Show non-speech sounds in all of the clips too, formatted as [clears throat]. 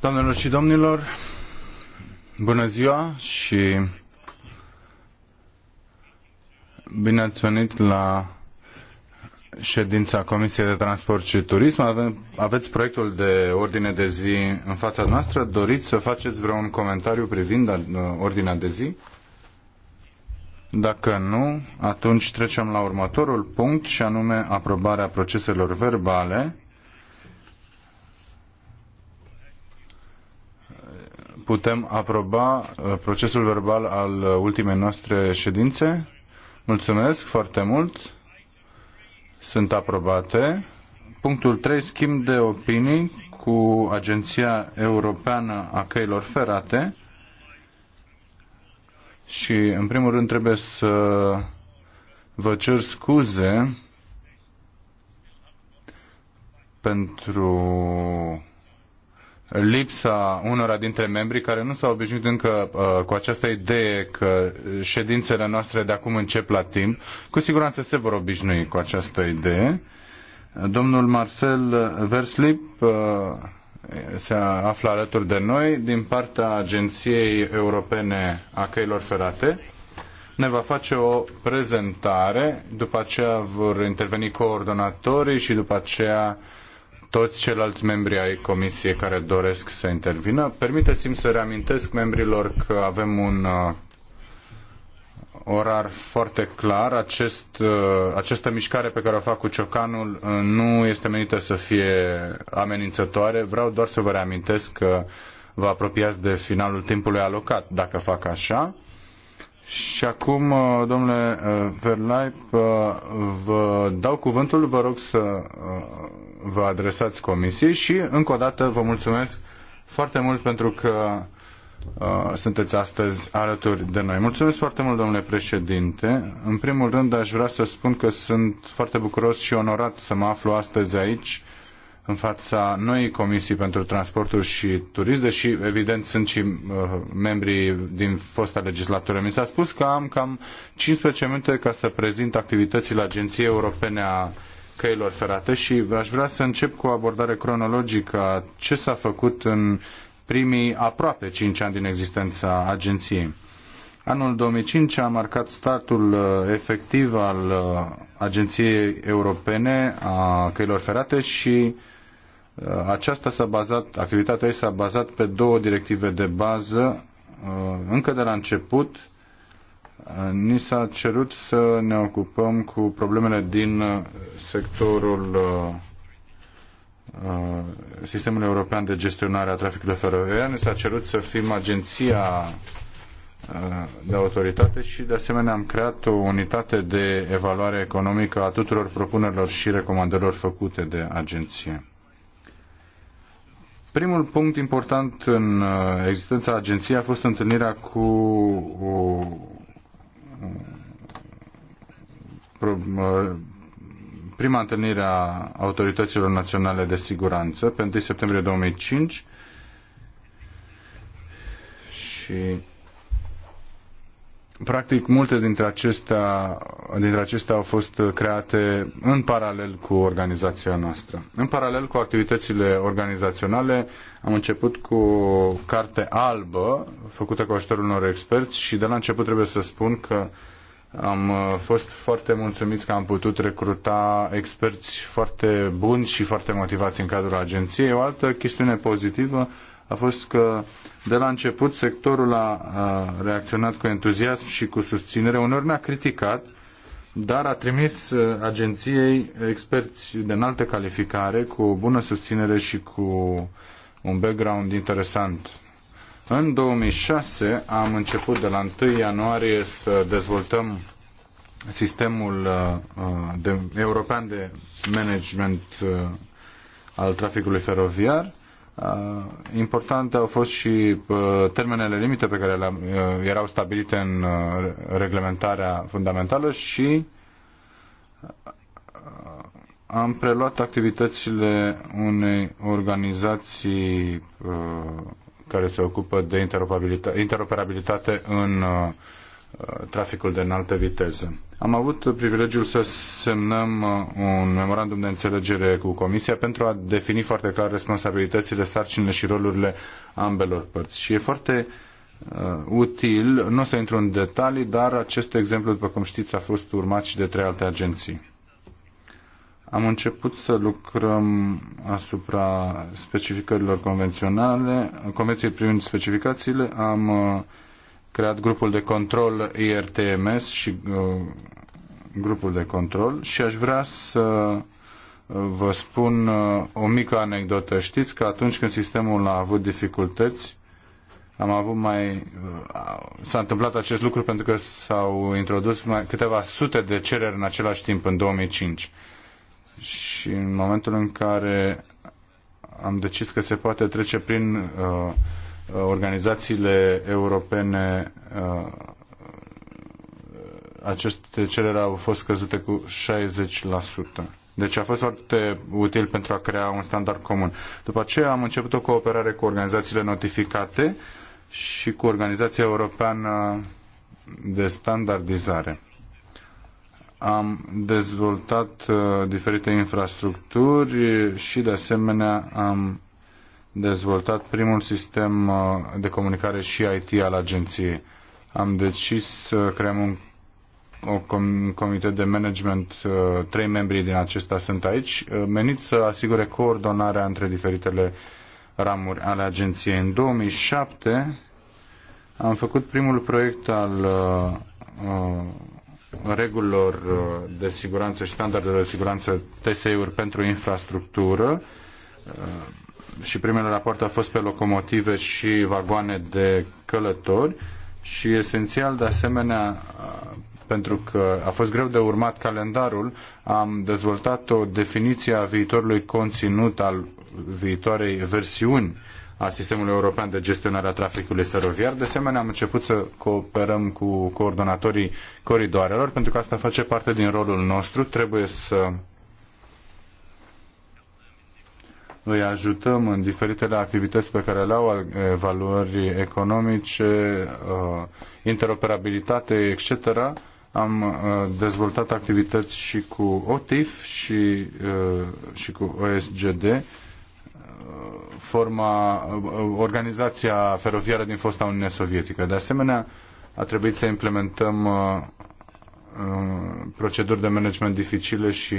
Doamnelor și domnilor, bună ziua și bine ați venit la ședința Comisiei de Transport și Turism. aveți proiectul de ordine de zi în fața noastră. Doriți să faceți vreun comentariu privind uh, ordinea de zi? Dacă nu, atunci trecem la următorul punct și anume aprobarea proceselor verbale putem aproba uh, procesul verbal al uh, ultimei noastre ședințe. Mulțumesc foarte mult. Sunt aprobate. Punctul 3, schimb de opinii cu Agenția Europeană a Căilor Ferate. Și, în primul rând, trebuie să vă cer scuze pentru lipsa unora dintre membrii care nu s-au obișnuit încă uh, cu această idee că ședințele noastre de acum încep la timp, cu siguranță se vor obișnui cu această idee. Domnul Marcel Verslip uh, se află alături de noi din partea Agenției Europene a Căilor Ferate. Ne va face o prezentare, după aceea vor interveni coordonatorii și după aceea uh, toți ceilalți membri ai comisiei care doresc să intervină. Permiteți-mi să reamintesc membrilor că avem un uh, orar foarte clar. Acest, uh, această mișcare pe care o fac cu ciocanul uh, nu este menită să fie amenințătoare. Vreau doar să vă reamintesc că vă apropiați de finalul timpului alocat, dacă fac așa. Și acum, domnule Verlaip, vă dau cuvântul, vă rog să vă adresați comisiei și încă o dată vă mulțumesc foarte mult pentru că uh, sunteți astăzi alături de noi. Mulțumesc foarte mult, domnule președinte. În primul rând, aș vrea să spun că sunt foarte bucuros și onorat să mă aflu astăzi aici în fața noii comisii pentru transporturi și turism, deși evident sunt și uh, membrii din fosta legislatură. Mi s-a spus că am cam 15 minute ca să prezint activitățile Agenției Europene a căilor ferate și aș vrea să încep cu o abordare cronologică a ce s-a făcut în primii aproape 5 ani din existența agenției. Anul 2005 a marcat startul uh, efectiv al uh, Agenției Europene a Căilor Ferate și uh, aceasta s-a bazat, activitatea ei s-a bazat pe două directive de bază încă de la început, Ni s-a cerut să ne ocupăm cu problemele din uh, sectorul uh, uh, sistemul european de gestionare a traficului feroviar. Ne s-a cerut să fim agenția de autoritate și de asemenea am creat o unitate de evaluare economică a tuturor propunerilor și recomandărilor făcute de agenție. Primul punct important în existența agenției a fost întâlnirea cu prima întâlnire a autorităților naționale de siguranță pe 1 septembrie 2005 și Practic, multe dintre acestea, dintre acestea au fost create în paralel cu organizația noastră. În paralel cu activitățile organizaționale, am început cu o carte albă, făcută cu ajutorul unor experți și de la început trebuie să spun că am fost foarte mulțumiți că am putut recruta experți foarte buni și foarte motivați în cadrul agenției. O altă chestiune pozitivă a fost că de la început sectorul a, a reacționat cu entuziasm și cu susținere. Uneori ne-a criticat, dar a trimis agenției experți de înaltă calificare cu bună susținere și cu un background interesant. În 2006 am început de la 1 ianuarie să dezvoltăm sistemul de, european de management al traficului feroviar Uh, importante au fost și uh, termenele limite pe care le uh, erau stabilite în reglementarea fundamentală și am preluat activitățile unei organizații care se ocupă de interoperabilitate în Uh, traficul de înaltă viteză. Am avut privilegiul să semnăm uh, un memorandum de înțelegere cu Comisia pentru a defini foarte clar responsabilitățile, sarcinile și rolurile ambelor părți. Și e foarte uh, util, nu o să intru în detalii, dar acest exemplu, după cum știți, a fost urmat și de trei alte agenții. Am început să lucrăm asupra specificărilor convenționale, convenției privind specificațiile, am uh, creat grupul de control IRTMS și uh, grupul de control și aș vrea să uh, vă spun uh, o mică anecdotă. Știți că atunci când sistemul a avut dificultăți, am avut mai... S-a întâmplat acest lucru pentru că s-au introdus mai câteva sute de cereri în același timp, în 2005. Și în momentul în care am decis că se poate trece prin uh, Uh, organizațiile europene uh, aceste cereri au fost scăzute cu 60%. Deci a fost foarte util pentru a crea un standard comun. După aceea am început o cooperare cu organizațiile notificate și cu Organizația Europeană de Standardizare. Am dezvoltat uh, diferite infrastructuri și de asemenea am dezvoltat primul sistem uh, de comunicare și IT al agenției. Am decis să creăm un o com- comitet de management, uh, trei membri din acesta sunt aici, uh, menit să asigure coordonarea între diferitele ramuri ale agenției. În 2007 am făcut primul proiect al uh, regulilor de siguranță și standardelor de siguranță TSI-uri pentru infrastructură. Uh, și primele rapoarte au fost pe locomotive și vagoane de călători și esențial de asemenea pentru că a fost greu de urmat calendarul, am dezvoltat o definiție a viitorului conținut al viitoarei versiuni a sistemului european de gestionare a traficului feroviar. De asemenea, am început să cooperăm cu coordonatorii coridoarelor, pentru că asta face parte din rolul nostru. Trebuie să îi ajutăm în diferitele activități pe care le au, valori economice, uh, interoperabilitate, etc. Am uh, dezvoltat activități și cu OTIF și, uh, și cu OSGD, forma, organizația feroviară din fosta Uniune Sovietică. De asemenea, a trebuit să implementăm proceduri de management dificile și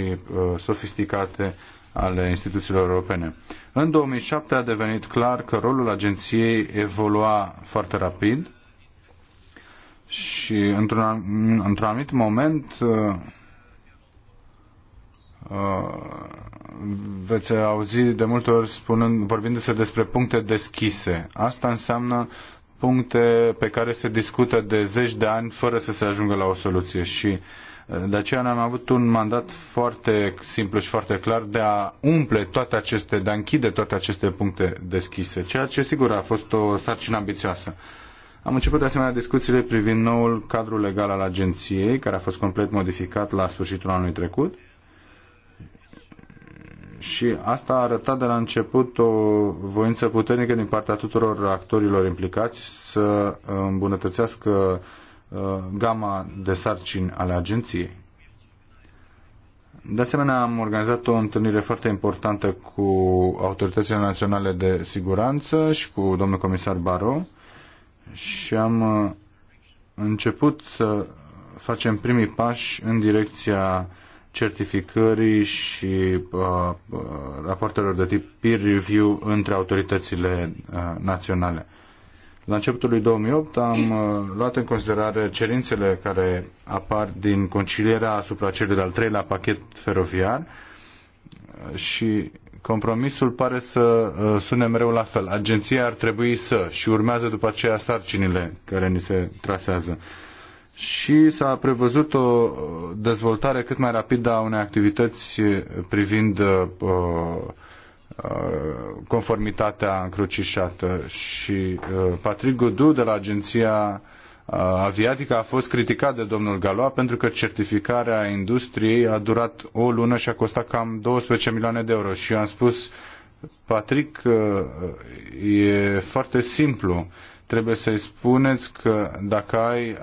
sofisticate ale instituțiilor europene. În 2007 a devenit clar că rolul agenției evolua foarte rapid și într-un, într anumit moment uh, uh, veți auzi de multe ori spunând, vorbindu-se despre puncte deschise. Asta înseamnă puncte pe care se discută de zeci de ani fără să se ajungă la o soluție și uh, de aceea am avut un mandat foarte simplu și foarte clar de a umple toate aceste, de a închide toate aceste puncte deschise, ceea ce sigur a fost o sarcină ambițioasă. Am început de asemenea discuțiile privind noul cadru legal al agenției, care a fost complet modificat la sfârșitul anului trecut și asta a arătat de la început o voință puternică din partea tuturor actorilor implicați să îmbunătățească uh, gama de sarcini ale agenției. De asemenea, am organizat o întâlnire foarte importantă cu autoritățile naționale de siguranță și cu domnul comisar Baro și am uh, început să facem primii pași în direcția uh, certificării și uh, uh, rapoartelor de tip peer review între autoritățile uh, naționale. La începutul lui 2008 am uh, luat în considerare cerințele care apar din concilierea asupra celui de-al treilea pachet feroviar uh, și compromisul pare să uh, sune mereu la fel. Agenția ar trebui să și urmează după aceea sarcinile care ni se trasează. Uh, și s-a prevăzut o uh, dezvoltare cât mai rapidă a unei activități privind uh, uh, uh conformitatea încrucișată și Patrick Godu de la agenția aviatică a fost criticat de domnul Galoa pentru că certificarea industriei a durat o lună și a costat cam 12 milioane de euro și eu am spus Patrick, e foarte simplu trebuie să-i spuneți că dacă ai,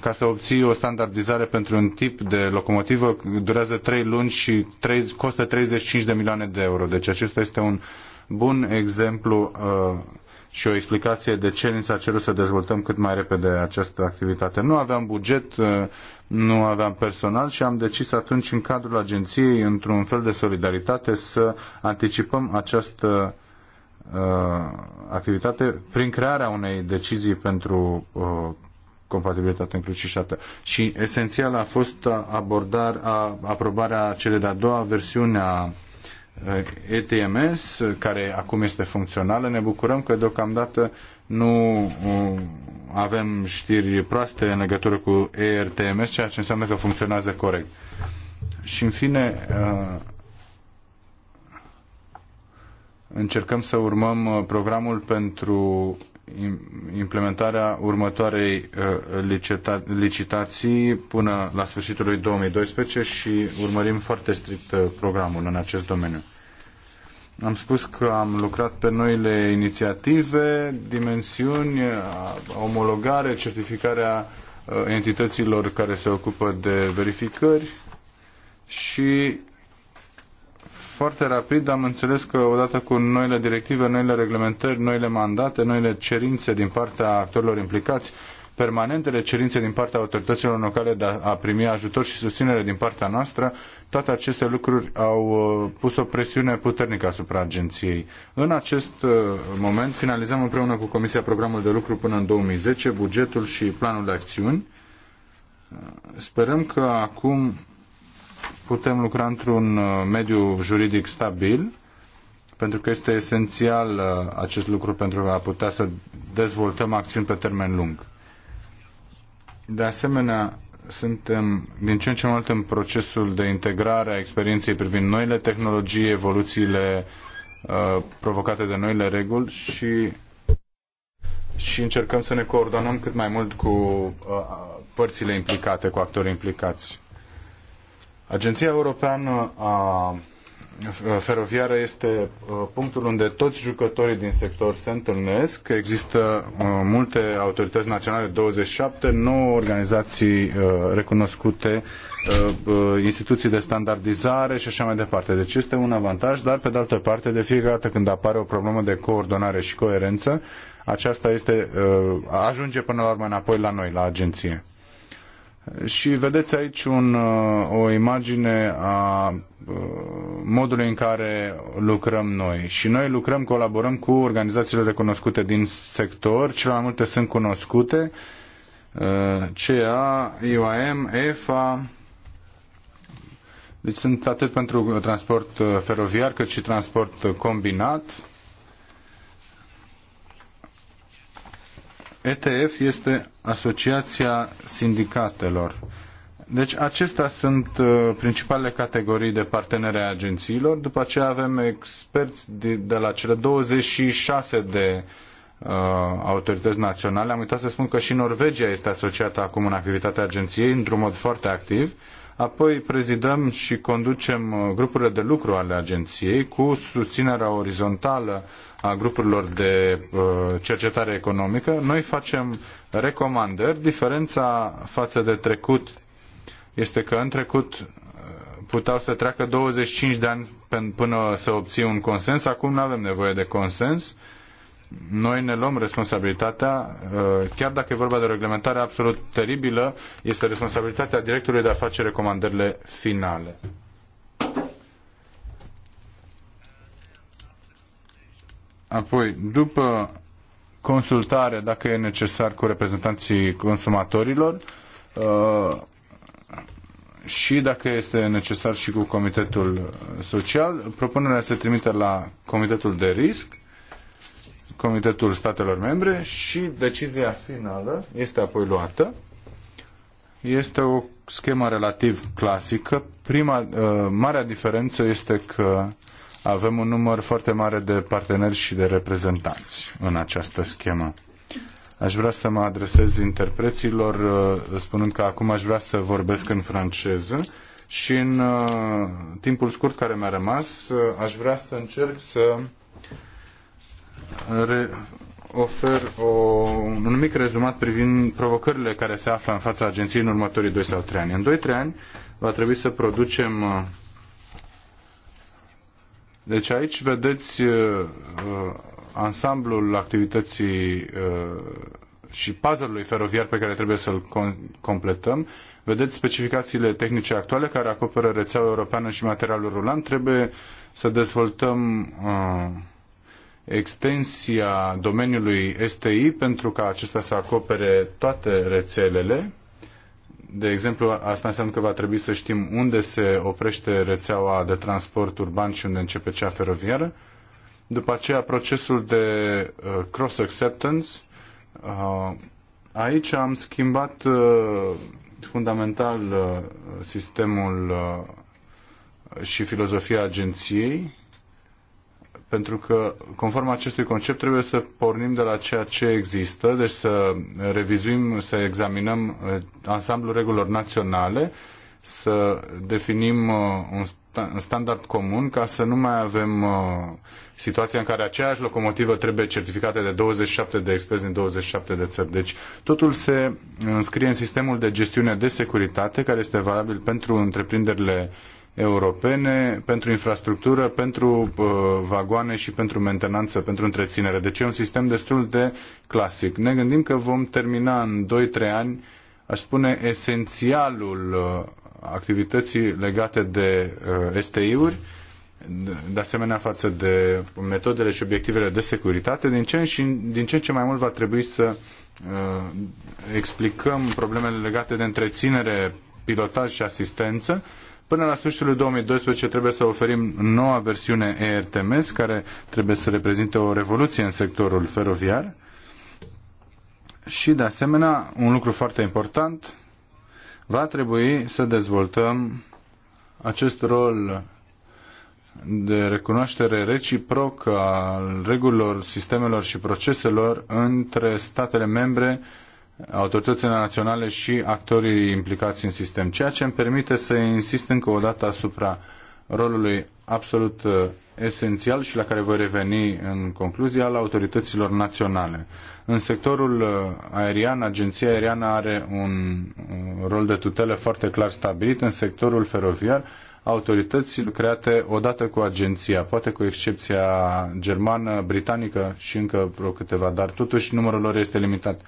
ca să obții o standardizare pentru un tip de locomotivă, durează 3 luni și 3, costă 35 de milioane de euro. Deci acesta este un bun exemplu uh, și o explicație de ce ni s-a cerut să dezvoltăm cât mai repede această activitate. Nu aveam buget, uh, nu aveam personal și am decis atunci în cadrul agenției, într-un fel de solidaritate, să anticipăm această uh, Uh, activitate prin crearea unei decizii pentru uh, compatibilitate încrucișată. Și esențial a fost abordar, a, aprobarea cele de-a doua versiune a uh, ETMS, care acum este funcțională. Ne bucurăm că deocamdată nu avem știri proaste în legătură cu ERTMS, ceea ce înseamnă că funcționează corect. Și în fine, încercăm să urmăm uh, programul pentru implementarea următoarei uh, licitații până la sfârșitul lui 2012 și urmărim foarte strict uh, programul în acest domeniu. Am spus că am lucrat pe noile inițiative, dimensiuni, omologare, certificarea entităților care se ocupă de verificări și foarte rapid am înțeles că odată cu noile directive, noile reglementări, noile mandate, noile cerințe din partea actorilor implicați, permanentele cerințe din partea autorităților locale de a primi ajutor și susținere din partea noastră, toate aceste lucruri au uh, pus o presiune puternică asupra agenției. În acest uh, moment finalizăm împreună cu Comisia programul de lucru până în 2010, bugetul și planul de acțiuni. Uh, sperăm că acum putem lucra într-un uh, mediu juridic stabil, pentru că este esențial uh, acest lucru pentru a putea să dezvoltăm acțiuni pe termen lung. De asemenea, suntem din ce în ce mai mult în procesul de integrare a experienței privind noile tehnologii, evoluțiile uh, provocate de noile reguli și, și încercăm să ne coordonăm cât mai mult cu uh, părțile implicate, cu actorii implicați. Agenția Europeană a Feroviară este uh, punctul unde toți jucătorii din sector se întâlnesc. Există uh, multe autorități naționale, 27, 9 organizații uh, recunoscute, instituții de standardizare și așa mai departe. Deci este un avantaj, dar pe de altă parte, de fiecare dată când apare o problemă de coordonare și coerență, aceasta este, ajunge până la urmă înapoi la noi, la agenție. Și vedeți aici un, uh, o imagine a uh, modului în care lucrăm noi. Și noi lucrăm, colaborăm cu organizațiile recunoscute din sector, cele mai multe sunt cunoscute, uh, CEA, IOM, EFA, deci sunt atât pentru transport feroviar cât și transport combinat. ETF este Asociația Sindicatelor. Deci acestea sunt uh, principalele categorii de parteneri ai agențiilor. După aceea avem experți de, de la cele 26 de uh, autorități naționale. Am uitat să spun că și Norvegia este asociată acum în activitatea agenției într-un mod foarte activ. Apoi prezidăm și conducem uh, grupurile de lucru ale agenției cu susținerea orizontală a grupurilor de uh, cercetare economică. Noi facem recomandări. Diferența față de trecut este că în trecut uh, puteau să treacă 25 de ani până să obții un consens. Acum nu avem nevoie de consens. Noi ne luăm responsabilitatea, uh, chiar dacă e vorba de o reglementare absolut teribilă, este responsabilitatea directorului de a face recomandările finale. Apoi, după consultare, dacă e necesar, cu reprezentanții consumatorilor uh, și, dacă este necesar, și cu Comitetul Social. Propunerea se trimite la Comitetul de Risc, Comitetul Statelor Membre și decizia finală este apoi luată. Este o schemă relativ clasică. Prima, uh, marea diferență este că avem un număr foarte mare de parteneri și de reprezentanți în această schemă. Aș vrea să mă adresez interpreților uh, spunând că acum aș vrea să vorbesc în franceză și în uh, timpul scurt care mi-a rămas uh, aș vrea să încerc să ofer o, un mic rezumat privind provocările care se află în fața agenției în următorii 2 sau 3 ani. În 2-3 ani va trebui să producem deci aici vedeți uh, uh, ansamblul activității uh, și puzzle-ului feroviar pe care trebuie să-l completăm. Vedeți specificațiile tehnice actuale care acoperă rețeaua europeană și materialul rulant. Trebuie să dezvoltăm extensia domeniului STI pentru ca acesta să acopere toate rețelele de exemplu, asta înseamnă că va trebui să știm unde se oprește rețeaua de transport urban și unde începe cea feroviară. După aceea, procesul de uh, cross-acceptance. Uh, aici am schimbat uh, fundamental sistemul și filozofia agenției pentru că, conform acestui concept, trebuie să pornim de la ceea ce există, deci să revizuim, să examinăm eh, ansamblul regulilor naționale, să definim eh, un standard comun ca să nu mai avem eh, situația în care aceeași locomotivă trebuie certificată de 27 de experți din 27 de țări. Deci totul se înscrie în sistemul de gestiune de securitate care este valabil pentru întreprinderile europene pentru infrastructură, pentru uh, vagoane și pentru mentenanță, pentru întreținere. Deci e un sistem destul de clasic. Ne gândim că vom termina în 2-3 ani, aș spune, esențialul uh, activității legate de uh, STI-uri, de asemenea față de metodele și obiectivele de securitate, din ce, și, din ce în ce mai mult va trebui să uh, explicăm problemele legate de întreținere, pilotaj și asistență, Până la sfârșitul 2012 trebuie să oferim noua versiune ERTMS, care trebuie să reprezinte o revoluție în sectorul feroviar. Și, de asemenea, un lucru foarte important, va trebui să dezvoltăm acest rol de recunoaștere reciprocă al regulilor, sistemelor și proceselor între statele membre autoritățile naționale și actorii implicați în sistem, ceea ce îmi permite să insist încă o dată asupra rolului absolut uh, esențial și la care voi reveni în concluzie al autorităților naționale. În sectorul uh, aerian, agenția aeriană are un uh, rol de tutelă foarte clar stabilit, în sectorul feroviar autoritățile create odată cu agenția, poate cu excepția germană, britanică și încă vreo câteva, dar totuși numărul lor este limitat.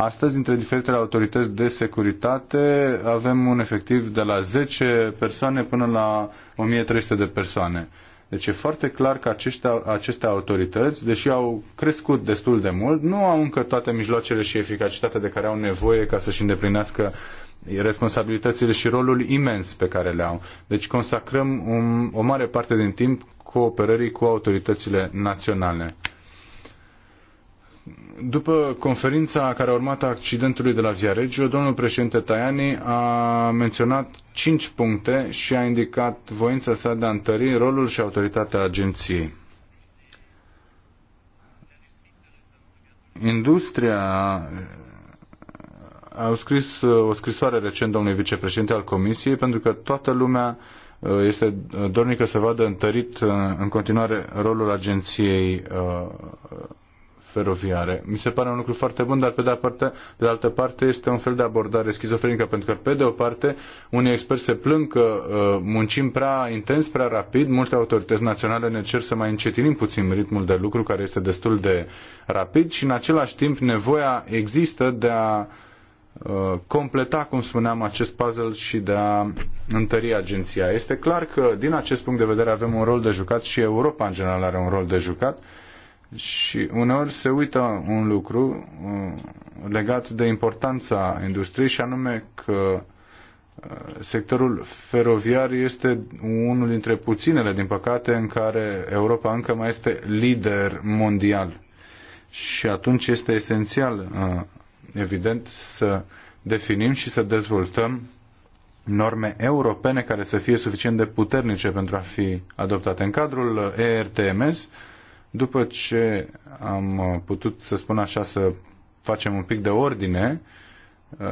Astăzi, între diferitele autorități de securitate, avem un efectiv de la 10 persoane până la 1300 de persoane. Deci e foarte clar că aceste, aceste autorități, deși au crescut destul de mult, nu au încă toate mijloacele și eficacitatea de care au nevoie ca să-și îndeplinească responsabilitățile și rolul imens pe care le au. Deci consacrăm un, o mare parte din timp cooperării cu autoritățile naționale. După conferința care a urmat accidentului de la Viareggio, domnul președinte Tajani a menționat cinci puncte și a indicat voința sa de a întări rolul și autoritatea agenției. Industria a scris o scrisoare recent domnului vicepreședinte al Comisiei pentru că toată lumea uh, este dornică să vadă întărit uh, în continuare rolul agenției uh, feroviare. Mi se pare un lucru foarte bun, dar pe de, parte, pe de altă parte este un fel de abordare schizofrenică, pentru că pe de o parte unii experți se plâng că uh, muncim prea intens, prea rapid, multe autorități naționale ne cer să mai încetinim puțin ritmul de lucru, care este destul de rapid și în același timp nevoia există de a uh, completa, cum spuneam, acest puzzle și de a întări agenția. Este clar că, din acest punct de vedere, avem un rol de jucat și Europa, în general, are un rol de jucat și uneori se uită un lucru uh, legat de importanța industriei și anume că uh, sectorul feroviar este unul dintre puținele, din păcate, în care Europa încă mai este lider mondial. Și atunci este esențial, uh, evident, să definim și să dezvoltăm norme europene care să fie suficient de puternice pentru a fi adoptate. În cadrul ERTMS, după ce am putut, să spun așa, să facem un pic de ordine, uh,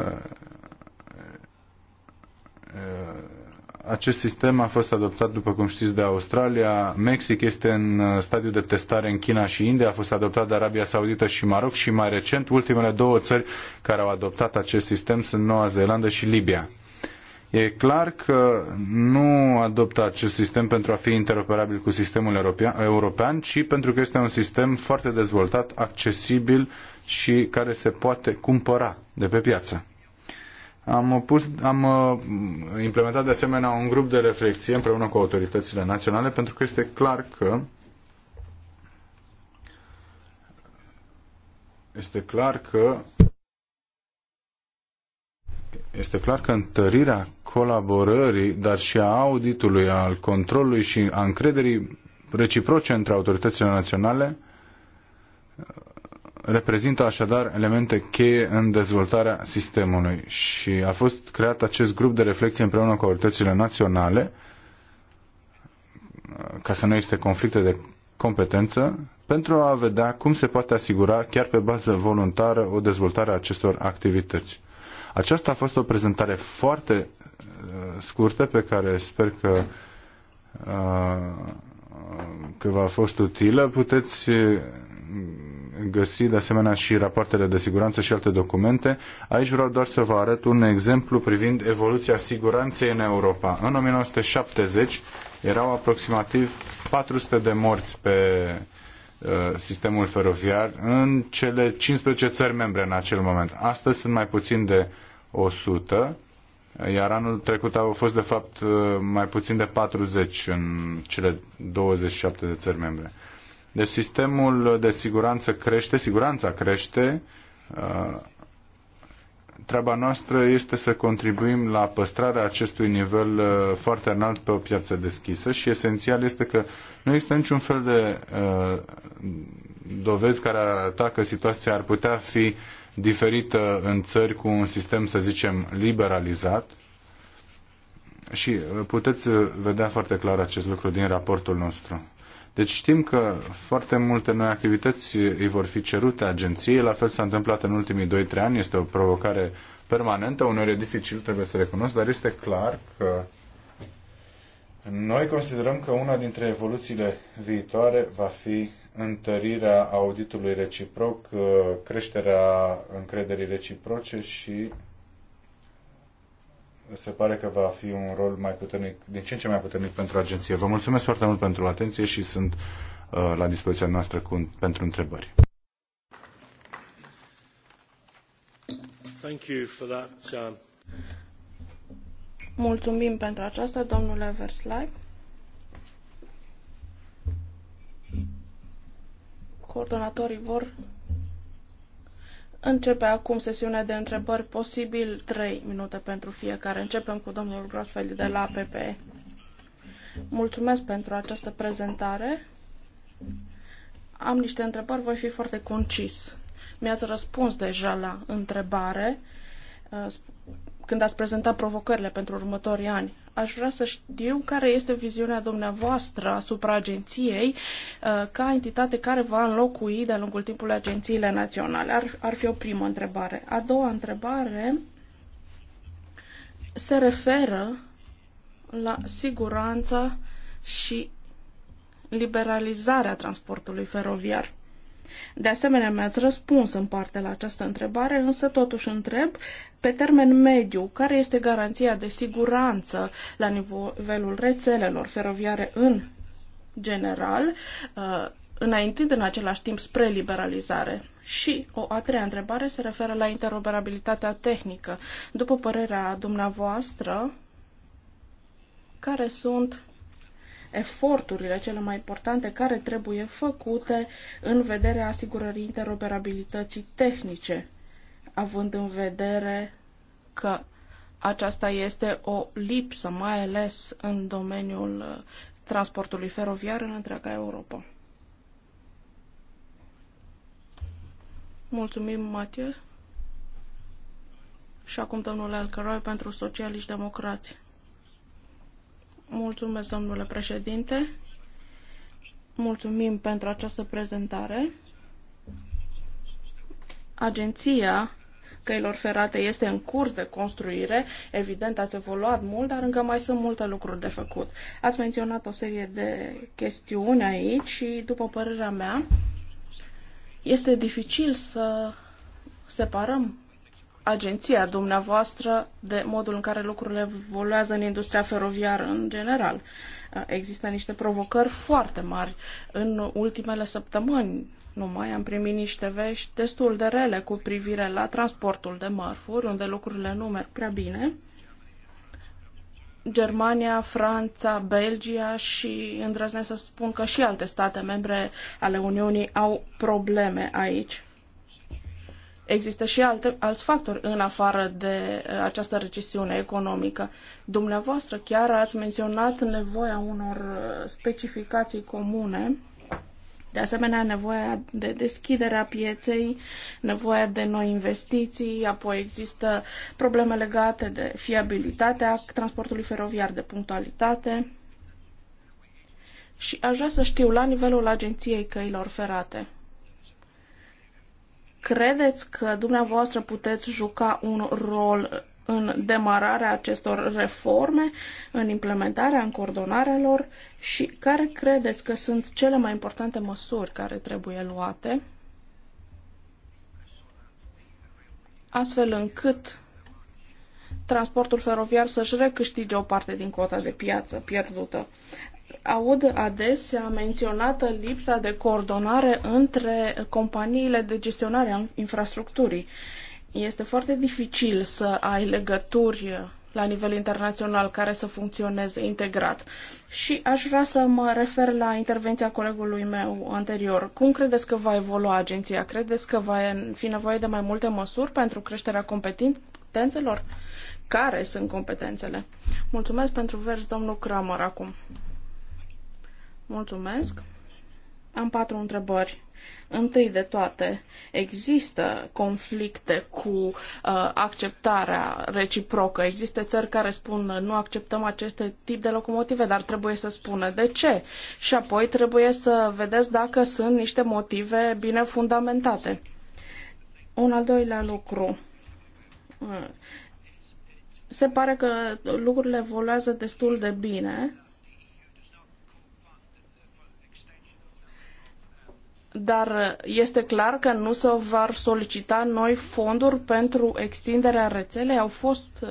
uh, acest sistem a fost adoptat, după cum știți, de Australia. Mexic este în uh, stadiu de testare în China și India, a fost adoptat de Arabia Saudită și Maroc și mai recent ultimele două țări care au adoptat acest sistem sunt Noua Zeelandă și Libia. E clar că nu adoptă acest sistem pentru a fi interoperabil cu sistemul european, ci pentru că este un sistem foarte dezvoltat, accesibil și care se poate cumpăra de pe piață. Am, pus, am uh, implementat de asemenea un grup de reflexie împreună cu autoritățile naționale pentru că este clar că este clar că este clar că întărirea colaborării, dar și a auditului, al controlului și a încrederii reciproce între autoritățile naționale reprezintă așadar elemente cheie în dezvoltarea sistemului și a fost creat acest grup de reflexie împreună cu autoritățile naționale ca să nu existe conflicte de competență pentru a vedea cum se poate asigura chiar pe bază voluntară o dezvoltare a acestor activități. Aceasta a fost o prezentare foarte uh, scurtă pe care sper că uh, că v-a fost utilă. Puteți uh, găsi de asemenea și rapoartele de siguranță și alte documente. Aici vreau doar să vă arăt un exemplu privind evoluția siguranței în Europa. În 1970 erau aproximativ 400 de morți pe sistemul feroviar în cele 15 țări membre în acel moment. Astăzi sunt mai puțin de 100, iar anul trecut au fost de fapt uh, mai puțin de 40 în cele 27 de țări membre. Deci sistemul de siguranță crește, siguranța crește. Uh, treaba noastră este să contribuim la păstrarea acestui nivel uh, foarte înalt pe o piață deschisă și esențial este că nu există niciun fel de dovezi care ar arăta că situația ar putea fi diferită în țări cu un sistem, să zicem, liberalizat. Și uh, puteți uh, vedea foarte clar acest lucru din raportul nostru. Deci știm că foarte multe noi activități uh, îi vor fi cerute agenției, la fel s-a întâmplat în ultimii 2-3 ani, este o provocare permanentă, uneori e dificil, trebuie să recunosc, dar este clar că noi considerăm că una dintre evoluțiile viitoare va fi întărirea auditului reciproc, uh, creșterea încrederii reciproce și se pare că va fi un rol mai puternic, din ce în ce mai puternic pentru agenție. Vă mulțumesc foarte mult pentru atenție și sunt uh, la dispoziția noastră cu, pentru întrebări. Thank you for that, uh, Mulțumim pentru aceasta, domnule Verslai. Coordonatorii vor începe acum sesiunea de întrebări, posibil 3 minute pentru fiecare. Începem cu domnul Grosfeld de la PPE. Mulțumesc pentru această prezentare. Am niște întrebări, voi fi foarte concis. Mi-ați răspuns deja la întrebare uh, când ați prezentat provocările pentru următorii ani. Aș vrea să știu care este viziunea dumneavoastră asupra agenției uh, ca entitate care va înlocui de-a lungul timpului agențiile naționale. Ar, ar fi o primă întrebare. A doua întrebare se referă la siguranța și liberalizarea transportului feroviar. De asemenea, mi-ați răspuns în parte la această întrebare, însă totuși întreb, pe termen mediu, care este garanția de siguranță la nivelul rețelelor feroviare în general, uh, înainte în același timp spre liberalizare? Și o a treia întrebare se referă la interoperabilitatea tehnică. După părerea dumneavoastră, care sunt eforturile cele mai importante care trebuie făcute în vederea asigurării interoperabilității tehnice, având în vedere că aceasta este o lipsă, mai ales în domeniul uh, transportului feroviar în întreaga Europa. Mulțumim, Mathieu. Și acum domnul Alcăroi pentru socialiști democrați. Mulțumesc, domnule președinte. Mulțumim pentru această prezentare. Agenția căilor ferate este în curs de construire. Evident, ați evoluat mult, dar încă mai sunt multe lucruri de făcut. Ați menționat o serie de chestiuni aici și, după părerea mea, este dificil să separăm agenția dumneavoastră de modul în care lucrurile evoluează în industria feroviară în general. Există niște provocări foarte mari. În ultimele săptămâni numai am primit niște vești destul de rele cu privire la transportul de mărfuri, unde lucrurile nu merg prea bine. Germania, Franța, Belgia și îndrăznesc să spun că și alte state membre ale Uniunii au probleme aici. Există și alt alți factori în afară de uh, această recesiune economică. Dumneavoastră chiar ați menționat nevoia unor uh, specificații comune, de asemenea nevoia de deschidere a pieței, nevoia de noi investiții, apoi există probleme legate de fiabilitatea transportului feroviar, de punctualitate. Și aș vrea să știu la nivelul Agenției Căilor Ferate Credeți că dumneavoastră puteți juca un rol în demararea acestor reforme, în implementarea, în coordonarea lor și care credeți că sunt cele mai importante măsuri care trebuie luate astfel încât transportul feroviar să-și recâștige o parte din cota de piață pierdută aud adesea menționată lipsa de coordonare între companiile de gestionare a infrastructurii. Este foarte dificil să ai legături la nivel internațional care să funcționeze integrat. Și aș vrea să mă refer la intervenția colegului meu anterior. Cum credeți că va evolua agenția? Credeți că va fi nevoie de mai multe măsuri pentru creșterea competențelor? Care sunt competențele? Mulțumesc pentru vers, domnul Kramer, acum. Mulțumesc. Am patru întrebări. Întâi de toate, există conflicte cu uh, acceptarea reciprocă. Există țări care spun nu acceptăm aceste tip de locomotive, dar trebuie să spună de ce. Și apoi trebuie să vedeți dacă sunt niște motive bine fundamentate. Un al doilea lucru. Uh, se pare că lucrurile evoluează destul de bine dar este clar că nu se vor solicita noi fonduri pentru extinderea rețelei. Au fost uh,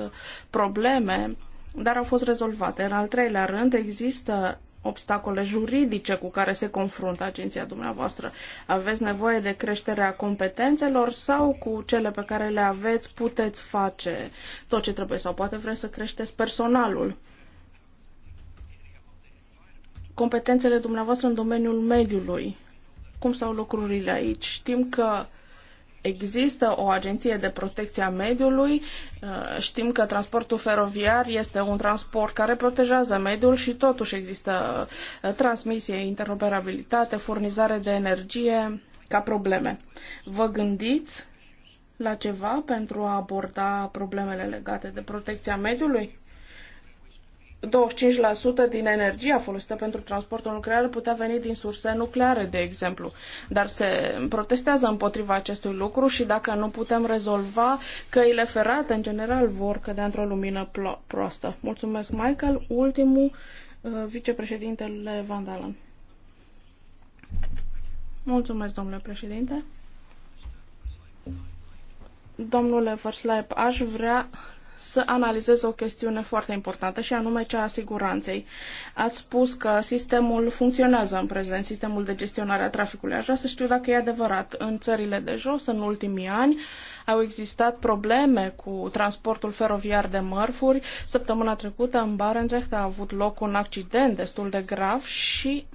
probleme, dar au fost rezolvate. În al treilea rând, există obstacole juridice cu care se confruntă agenția dumneavoastră. Aveți nevoie de creșterea competențelor sau cu cele pe care le aveți puteți face tot ce trebuie sau poate vreți să creșteți personalul? Competențele dumneavoastră în domeniul mediului cum stau lucrurile aici. Știm că există o agenție de protecție a mediului. Uh, știm că transportul feroviar este un transport care protejează mediul și totuși există uh, transmisie, interoperabilitate, furnizare de energie ca probleme. Vă gândiți la ceva pentru a aborda problemele legate de protecția mediului? 25% din energia folosită pentru transportul nuclear putea veni din surse nucleare, de exemplu. Dar se protestează împotriva acestui lucru și dacă nu putem rezolva, căile ferate, în general, vor cădea într-o lumină proastă. Mulțumesc, Michael. Ultimul, uh, vicepreședintele Van Dalen. Mulțumesc, domnule președinte. Domnule Vărslaip, aș vrea să analizez o chestiune foarte importantă și anume cea a siguranței. Ați spus că sistemul funcționează în prezent, sistemul de gestionare a traficului. Aș vrea să știu dacă e adevărat. În țările de jos, în ultimii ani, au existat probleme cu transportul feroviar de mărfuri. Săptămâna trecută, în Barendrecht, a avut loc un accident destul de grav și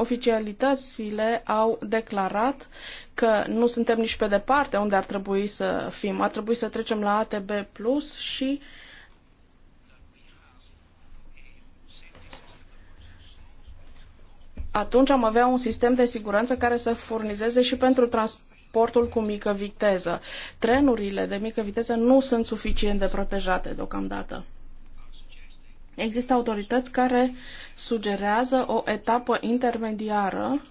Oficialitățile au declarat că nu suntem nici pe departe unde ar trebui să fim. Ar trebui să trecem la ATB Plus și atunci am avea un sistem de siguranță care să furnizeze și pentru transportul cu mică viteză. Trenurile de mică viteză nu sunt suficient de protejate deocamdată. Există autorități care sugerează o etapă intermediară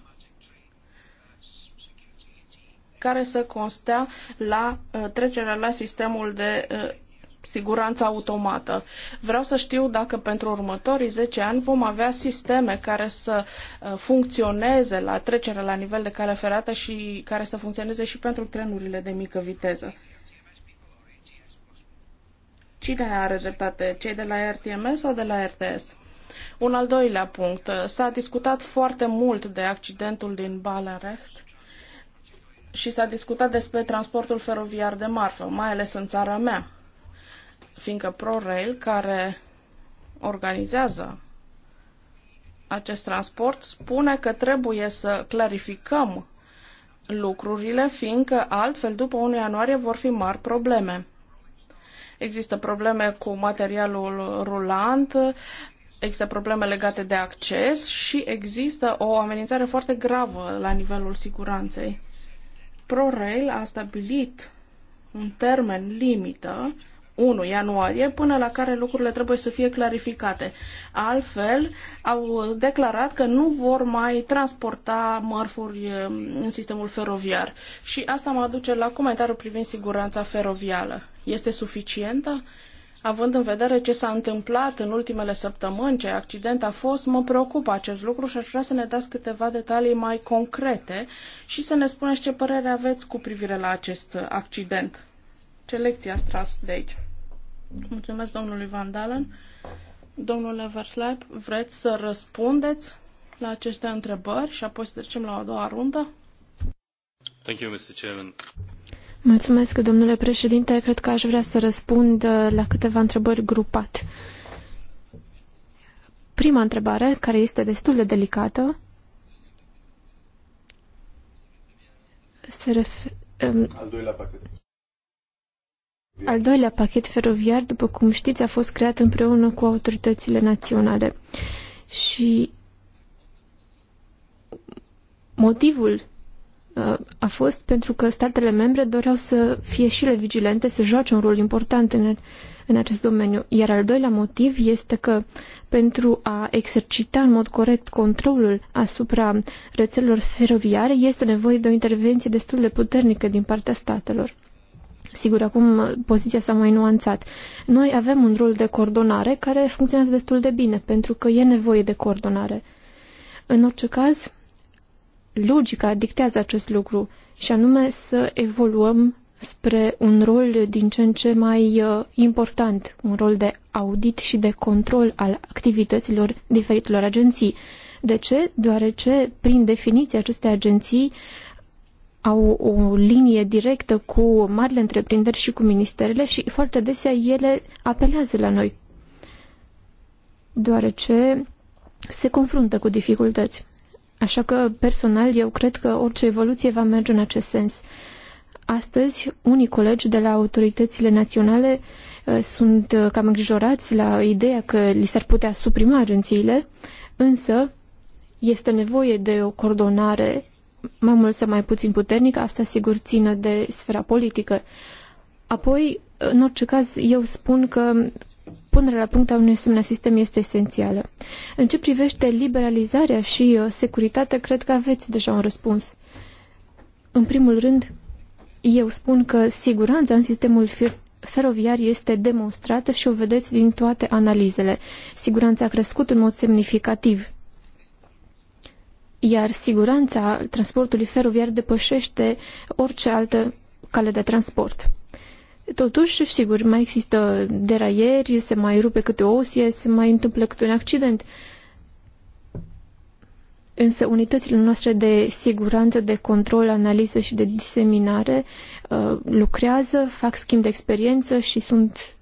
care să constea la uh, trecerea la sistemul de uh, siguranță automată. Vreau să știu dacă pentru următorii zece ani vom avea sisteme care să uh, funcționeze la trecerea la nivel de cale ferată și care să funcționeze și pentru trenurile de mică viteză. Cine are dreptate? Cei de la RTMS sau de la RTS? Un al doilea punct. S-a discutat foarte mult de accidentul din Balarecht și s-a discutat despre transportul feroviar de marfă, mai ales în țara mea, fiindcă ProRail, care organizează acest transport, spune că trebuie să clarificăm lucrurile, fiindcă altfel după 1 ianuarie vor fi mari probleme. Există probleme cu materialul rulant, există probleme legate de acces și există o amenințare foarte gravă la nivelul siguranței. ProRail a stabilit un termen limită 1 ianuarie, până la care lucrurile trebuie să fie clarificate. Altfel, au declarat că nu vor mai transporta mărfuri um, în sistemul feroviar. Și asta mă aduce la comentariul privind siguranța feroviară este suficientă? Având în vedere ce s-a întâmplat în ultimele săptămâni, ce accident a fost, mă preocupă acest lucru și aș vrea să ne dați câteva detalii mai concrete și să ne spuneți ce părere aveți cu privire la acest accident. Ce lecție ați tras de aici? Mulțumesc domnului Van Dalen. Domnule Verslap, vreți să răspundeți la aceste întrebări și apoi să trecem la a doua rundă? Thank you, Mr. Chairman. Mulțumesc, domnule președinte. Cred că aș vrea să răspund uh, la câteva întrebări grupat. Prima întrebare, care este destul de delicată, se refer... Um, al doilea pachet. Al doilea pachet feroviar, după cum știți, a fost creat împreună cu autoritățile naționale. Și motivul Uh, a fost pentru că statele membre doreau să fie și ele vigilente, să joace un rol important în, în acest domeniu. Iar al doilea motiv este că pentru a exercita în mod corect controlul asupra rețelelor feroviare este nevoie de o intervenție destul de puternică din partea statelor. Sigur, acum uh, poziția s-a mai nuanțat. Noi avem un rol de coordonare care funcționează destul de bine, pentru că e nevoie de coordonare. În orice caz, logica dictează acest lucru, și anume să evoluăm spre un rol din ce în ce mai uh, important, un rol de audit și de control al activităților diferitelor agenții. De ce? Deoarece, prin definiție, aceste agenții au o linie directă cu marile întreprinderi și cu ministerele și foarte desea ele apelează la noi, deoarece se confruntă cu dificultăți. Așa că, personal, eu cred că orice evoluție va merge în acest sens. Astăzi, unii colegi de la autoritățile naționale uh, sunt uh, cam îngrijorați la ideea că li s-ar putea suprima agențiile, însă este nevoie de o coordonare mai mult sau mai puțin puternică, asta sigur ține de sfera politică. Apoi, în orice caz, eu spun că punerea la punct a unui asemenea sistem este esențială. În ce privește liberalizarea și uh, securitatea, cred că aveți deja un răspuns. În primul rând, eu spun că siguranța în sistemul feroviar este demonstrată și o vedeți din toate analizele. Siguranța a crescut în mod semnificativ. Iar siguranța transportului feroviar depășește orice altă cale de transport. Totuși, sigur, mai există deraieri, se mai rupe câte o osie, se mai întâmplă câte un accident. Însă unitățile noastre de siguranță, de control, analiză și de diseminare uh, lucrează, fac schimb de experiență și sunt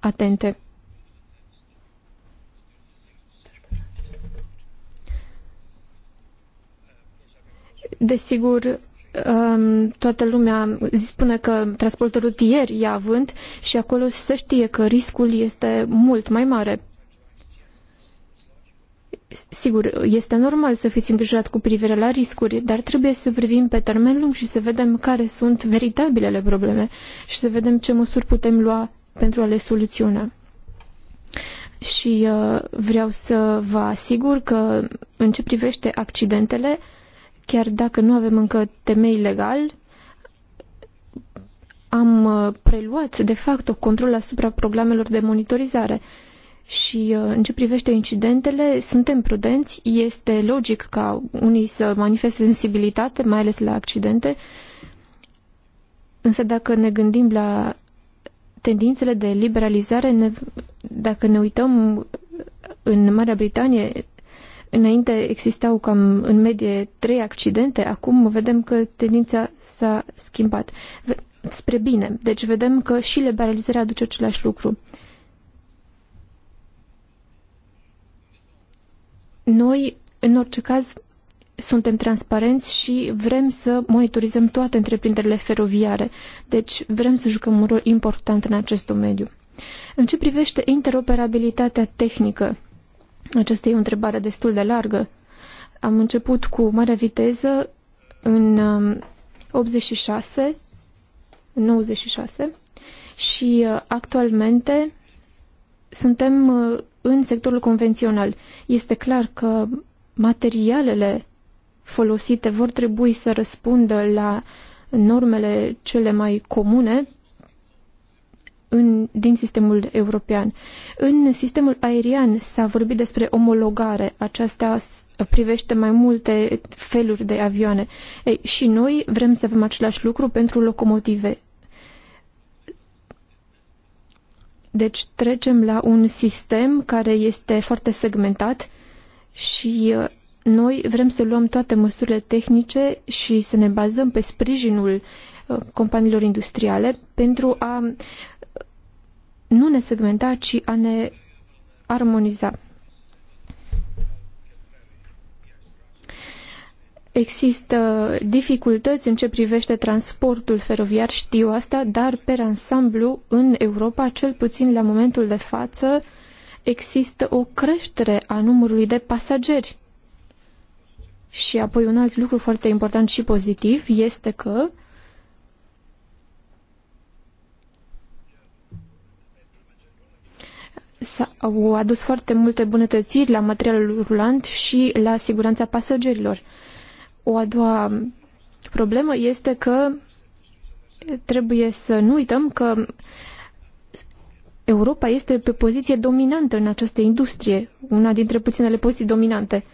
atente. Desigur, toată lumea spune că transportul rutier ia având și acolo se știe că riscul este mult mai mare. Sigur, este normal să fiți îngrijorat cu privire la riscuri, dar trebuie să privim pe termen lung și să vedem care sunt veritabilele probleme și să vedem ce măsuri putem lua pentru a le soluționa. Și uh, vreau să vă asigur că în ce privește accidentele, uh, Chiar dacă nu avem încă temei legal, am uh, preluat, de fapt, o control asupra programelor de monitorizare. Și uh, în ce privește incidentele, suntem prudenți, este logic ca unii să manifeste sensibilitate, mai ales la accidente, însă dacă ne gândim la tendințele de liberalizare, ne, dacă ne uităm în Marea Britanie, Înainte existau cam în medie trei accidente, acum vedem că tendința s-a schimbat spre bine. Deci vedem că și liberalizarea aduce același lucru. Noi, în orice caz, suntem transparenți și vrem să monitorizăm toate întreprinderile feroviare. Deci vrem să jucăm un rol important în acest domeniu. În ce privește interoperabilitatea tehnică, aceasta e o întrebare destul de largă. Am început cu mare viteză în 86, um, 96 și uh, actualmente suntem uh, în sectorul convențional. Este clar că materialele folosite vor trebui să răspundă la normele cele mai comune în, din sistemul european. În sistemul aerian s-a vorbit despre omologare. Aceasta privește mai multe feluri de avioane. Ei, și noi vrem să avem același lucru pentru locomotive. Deci trecem la un sistem care este foarte segmentat și uh, noi vrem să luăm toate măsurile tehnice și să ne bazăm pe sprijinul uh, companiilor industriale pentru a nu ne segmenta, ci a ne armoniza. Există dificultăți în ce privește transportul feroviar, știu asta, dar pe ansamblu în Europa, cel puțin la momentul de față, există o creștere a numărului de pasageri. Și apoi un alt lucru foarte important și pozitiv este că uh, s-au adus foarte multe bunătățiri la materialul rulant și la siguranța pasagerilor. O a doua problemă este că trebuie să nu uităm că Europa este pe poziție dominantă în această industrie, una dintre puținele poziții dominante.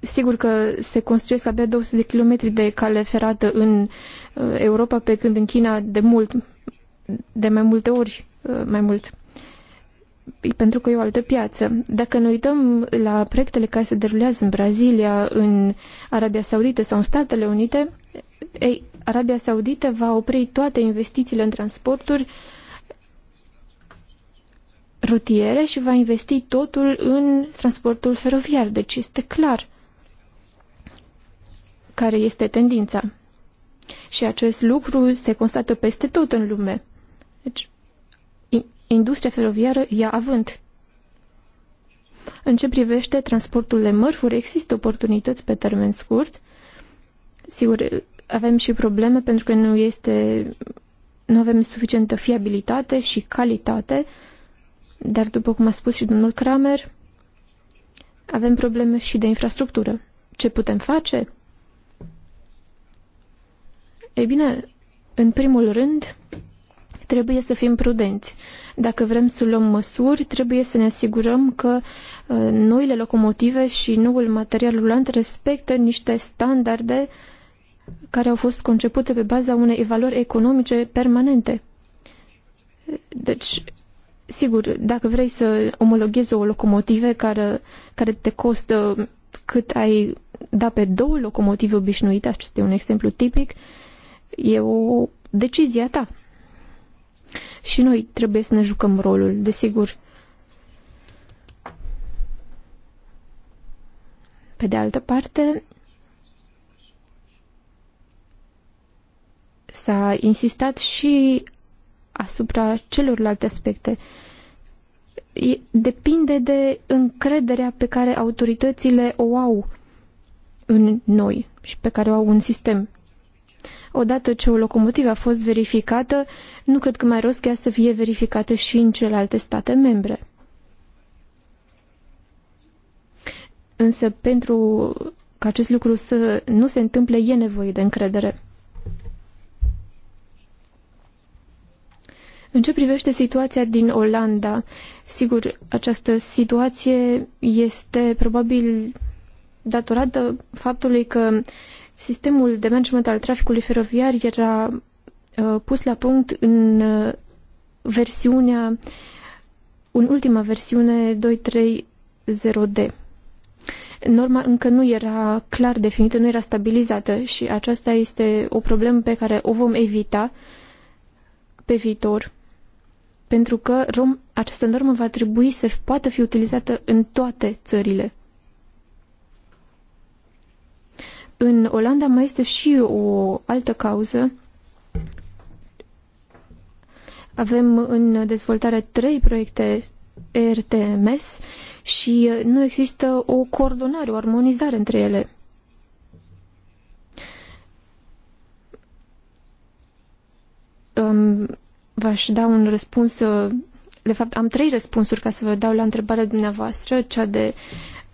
Sigur că se construiesc abia 200 de kilometri de cale ferată în uh, Europa, pe când în China de mult de mai multe ori uh, mai mult. Păi, pentru că e o altă piață. Dacă ne uităm la proiectele care se derulează în Brazilia, în Arabia Saudită sau în Statele Unite, ei, Arabia Saudită va opri toate investițiile în transporturi rutiere și va investi totul în transportul feroviar. Deci este clar care este tendința. Și acest lucru se constată peste tot în lume. Deci, industria feroviară ia avânt. În ce privește transportul de mărfuri, există oportunități pe termen scurt. Sigur, avem și probleme pentru că nu este nu avem suficientă fiabilitate și calitate, dar după cum a spus și domnul Kramer, avem probleme și de infrastructură. Ce putem face? Ei bine, în primul rând, trebuie să fim prudenți. Dacă vrem să luăm măsuri, trebuie să ne asigurăm că uh, noile locomotive și noul material rulant respectă niște standarde care au fost concepute pe baza unei evaluări economice permanente. Deci, sigur, dacă vrei să omologhezi o locomotive care, care te costă cât ai da pe două locomotive obișnuite, acesta este un exemplu tipic, e o decizie a ta. Și noi trebuie să ne jucăm rolul, desigur. Pe de altă parte, s-a insistat și asupra celorlalte aspecte. Depinde de încrederea pe care autoritățile o au în noi și pe care o au în sistem odată ce o locomotivă a fost verificată, nu cred că mai rost că ea să fie verificată și în celelalte state membre. Însă pentru ca acest lucru să nu se întâmple, e nevoie de încredere. În ce privește situația din Olanda, sigur, această situație este probabil datorată faptului că Sistemul de management al traficului feroviar era uh, pus la punct în uh, versiunea, în ultima versiune 230D. Norma încă nu era clar definită, nu era stabilizată și aceasta este o problemă pe care o vom evita pe viitor, pentru că această normă va trebui să poată fi utilizată în toate țările. În Olanda mai este și o altă cauză. Avem în dezvoltare trei proiecte RTMS și uh, nu există o coordonare, o armonizare între ele. Um, v-aș da un răspuns. Uh, de fapt, am trei răspunsuri ca să vă dau la întrebarea dumneavoastră, cea de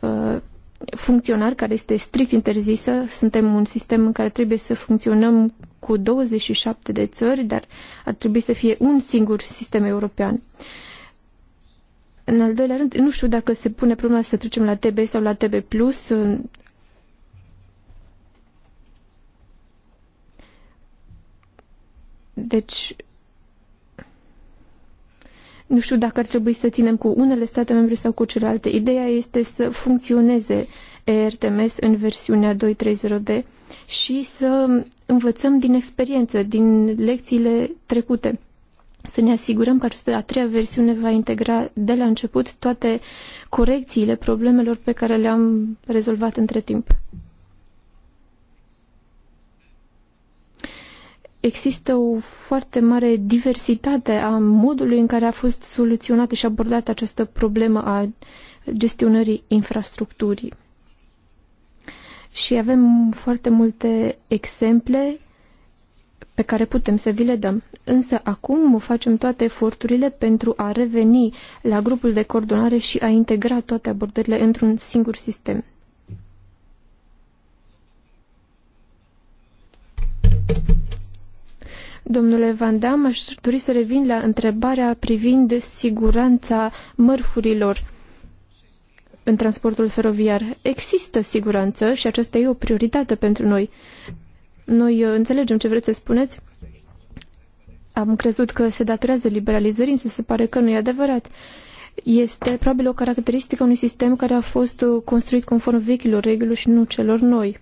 uh, funcționar care este strict interzisă. Suntem un sistem în care trebuie să funcționăm cu 27 de țări, dar ar trebui să fie un singur sistem european. În al doilea rând, nu știu dacă se pune problema să trecem la TB sau la TB+. Deci, nu știu dacă ar trebui să ținem cu unele state membre sau cu celelalte. Ideea este să funcționeze ERTMS în versiunea 2.3.0D și să învățăm din experiență, din lecțiile trecute. Să ne asigurăm că această a treia versiune va integra de la început toate corecțiile problemelor pe care le-am rezolvat între timp. există o foarte mare diversitate a modului în care a fost soluționată și abordată această problemă a gestionării infrastructurii. Și avem foarte multe exemple pe care putem să vi le dăm. Însă acum facem toate eforturile pentru a reveni la grupul de coordonare și a integra toate abordările într-un singur sistem. Domnule Van Damme, aș dori să revin la întrebarea privind siguranța mărfurilor în transportul feroviar. Există siguranță și aceasta e o prioritate pentru noi. Noi uh, înțelegem ce vreți să spuneți. Am crezut că se datorează liberalizării, însă se pare că nu e adevărat. Este probabil o caracteristică unui sistem care a fost uh, construit conform vechilor reguli și nu celor noi.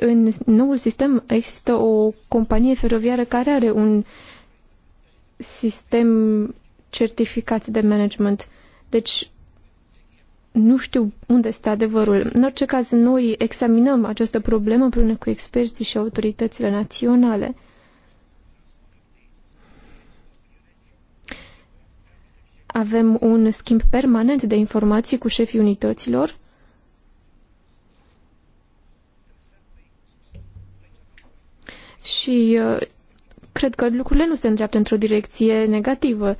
în noul sistem există o companie feroviară care are un sistem certificat de management. Deci nu știu unde este adevărul. În orice caz, noi examinăm această problemă împreună cu experții și autoritățile naționale. Avem un schimb permanent de informații cu șefii unităților și uh, cred că lucrurile nu se îndreaptă într-o direcție negativă.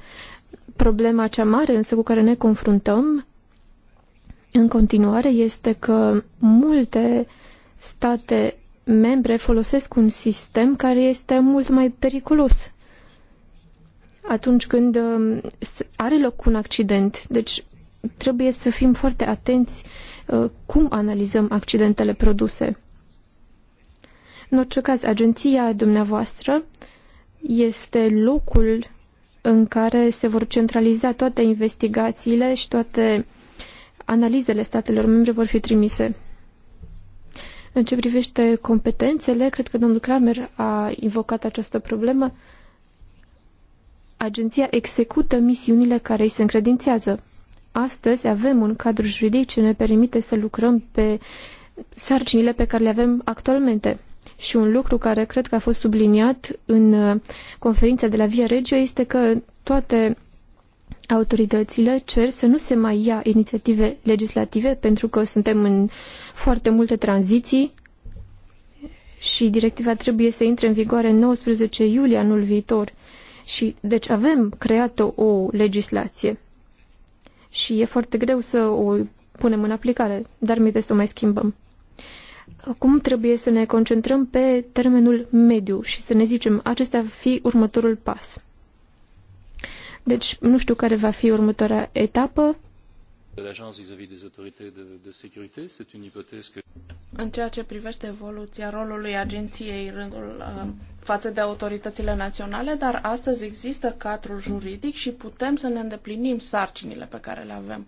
Problema cea mare însă cu care ne confruntăm în continuare este că multe state membre folosesc un sistem care este mult mai periculos atunci când um, are loc un accident. Deci trebuie să fim foarte atenți uh, cum analizăm accidentele produse. În orice caz, agenția dumneavoastră este locul în care se vor centraliza toate investigațiile și toate analizele statelor membre vor fi trimise. În ce privește competențele, cred că domnul Kramer a invocat această problemă. Agenția execută misiunile care îi se încredințează. Astăzi avem un cadru juridic ce ne permite să lucrăm pe sarcinile pe care le avem actualmente. Și un lucru care cred că a fost subliniat în uh, conferința de la Via Regio este că toate autoritățile cer să nu se mai ia inițiative legislative pentru că suntem în foarte multe tranziții și directiva trebuie să intre în vigoare în 19 iulie anul viitor. Și deci avem creată o legislație și e foarte greu să o punem în aplicare, dar mi de să o mai schimbăm. Acum trebuie să ne concentrăm pe termenul mediu și să ne zicem acesta va fi următorul pas. Deci nu știu care va fi următoarea etapă. În ceea ce privește evoluția rolului agenției în rândul uh, față de autoritățile naționale, dar astăzi există cadrul juridic și putem să ne îndeplinim sarcinile pe care le avem.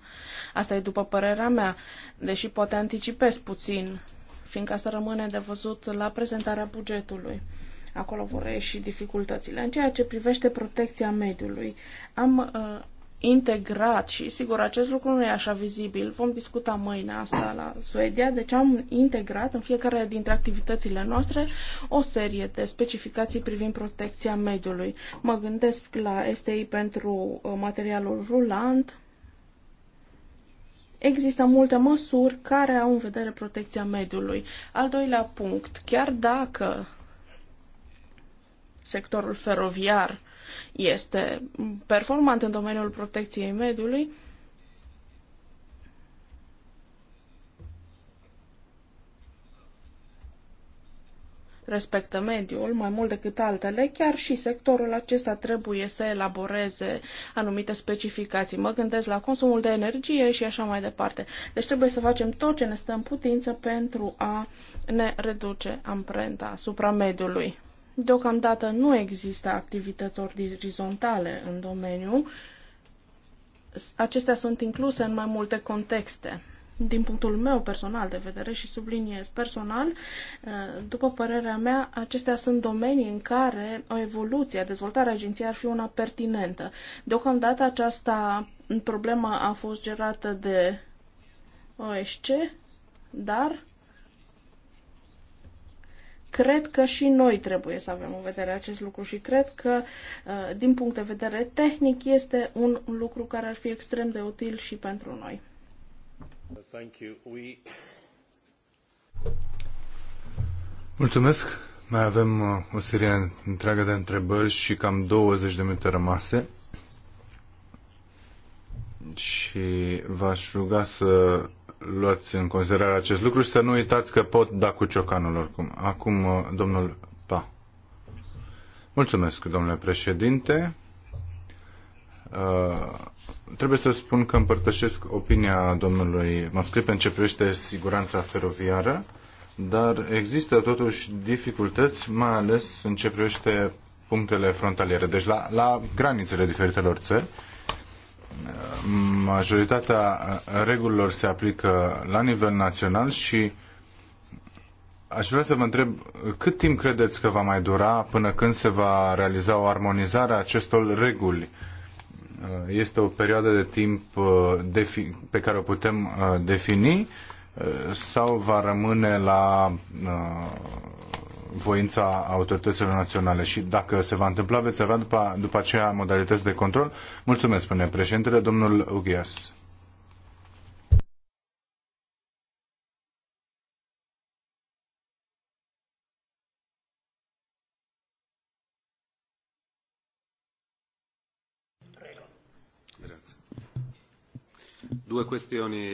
Asta e după părerea mea, deși poate anticipez puțin fiindcă asta rămâne de văzut la prezentarea bugetului. Acolo vor ieși dificultățile. În ceea ce privește protecția mediului, am uh, integrat și, sigur, acest lucru nu e așa vizibil. Vom discuta mâine asta la Suedia, deci am integrat în fiecare dintre activitățile noastre o serie de specificații privind protecția mediului. Mă gândesc la STI pentru uh, materialul rulant, Există multe măsuri care au în vedere protecția mediului. Al doilea punct, chiar dacă sectorul feroviar este performant în domeniul protecției mediului, respectă mediul mai mult decât altele, chiar și sectorul acesta trebuie să elaboreze anumite specificații. Mă gândesc la consumul de energie și așa mai departe. Deci trebuie să facem tot ce ne stă în putință pentru a ne reduce amprenta asupra mediului. Deocamdată nu există activități orizontale în domeniu. Acestea sunt incluse în mai multe contexte din punctul meu personal de vedere și subliniez personal, uh, după părerea mea, acestea sunt domenii în care o evoluție, dezvoltarea agenției ar fi una pertinentă. Deocamdată aceasta problema a fost gerată de OSC, dar cred că și noi trebuie să avem în vedere acest lucru și cred că, uh, din punct de vedere tehnic, este un lucru care ar fi extrem de util și pentru noi. Mulțumesc. Mai avem uh, o serie întreagă de întrebări și cam 20 de minute rămase. Și v-aș ruga să luați în considerare acest lucru și să nu uitați că pot da cu ciocanul oricum. Acum, uh, domnul Pa. Mulțumesc, domnule președinte. Uh, trebuie să spun că împărtășesc opinia domnului Mascrip în ce privește siguranța feroviară, dar există totuși dificultăți, mai ales în ce privește punctele frontaliere, deci la, la granițele diferitelor țări. Majoritatea regulilor se aplică la nivel național și aș vrea să vă întreb cât timp credeți că va mai dura până când se va realiza o armonizare a acestor reguli Uh, este o perioadă de timp uh, pe care o putem uh, defini sau va rămâne la voința autorităților naționale și dacă se va întâmpla, veți avea după, după aceea modalități de control. Mulțumesc, spune președintele, domnul Ughias.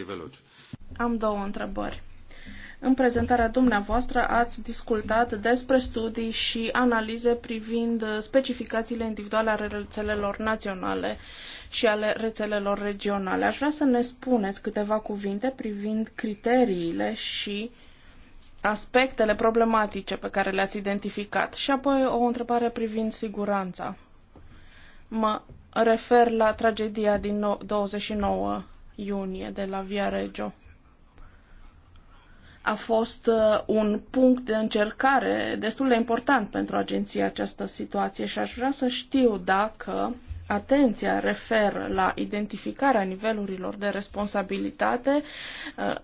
veloci. Am două întrebări. În prezentarea dumneavoastră ați discutat despre studii și analize privind specificațiile individuale ale rețelelor naționale și ale rețelelor regionale. Aș vrea să ne spuneți câteva cuvinte privind criteriile și aspectele problematice pe care le-ați identificat. Și apoi o întrebare privind siguranța. Mă refer la tragedia din 29 iunie de la Via Regio. A fost uh, un punct de încercare destul de important pentru agenția această situație și aș vrea să știu dacă atenția referă la identificarea nivelurilor de responsabilitate uh,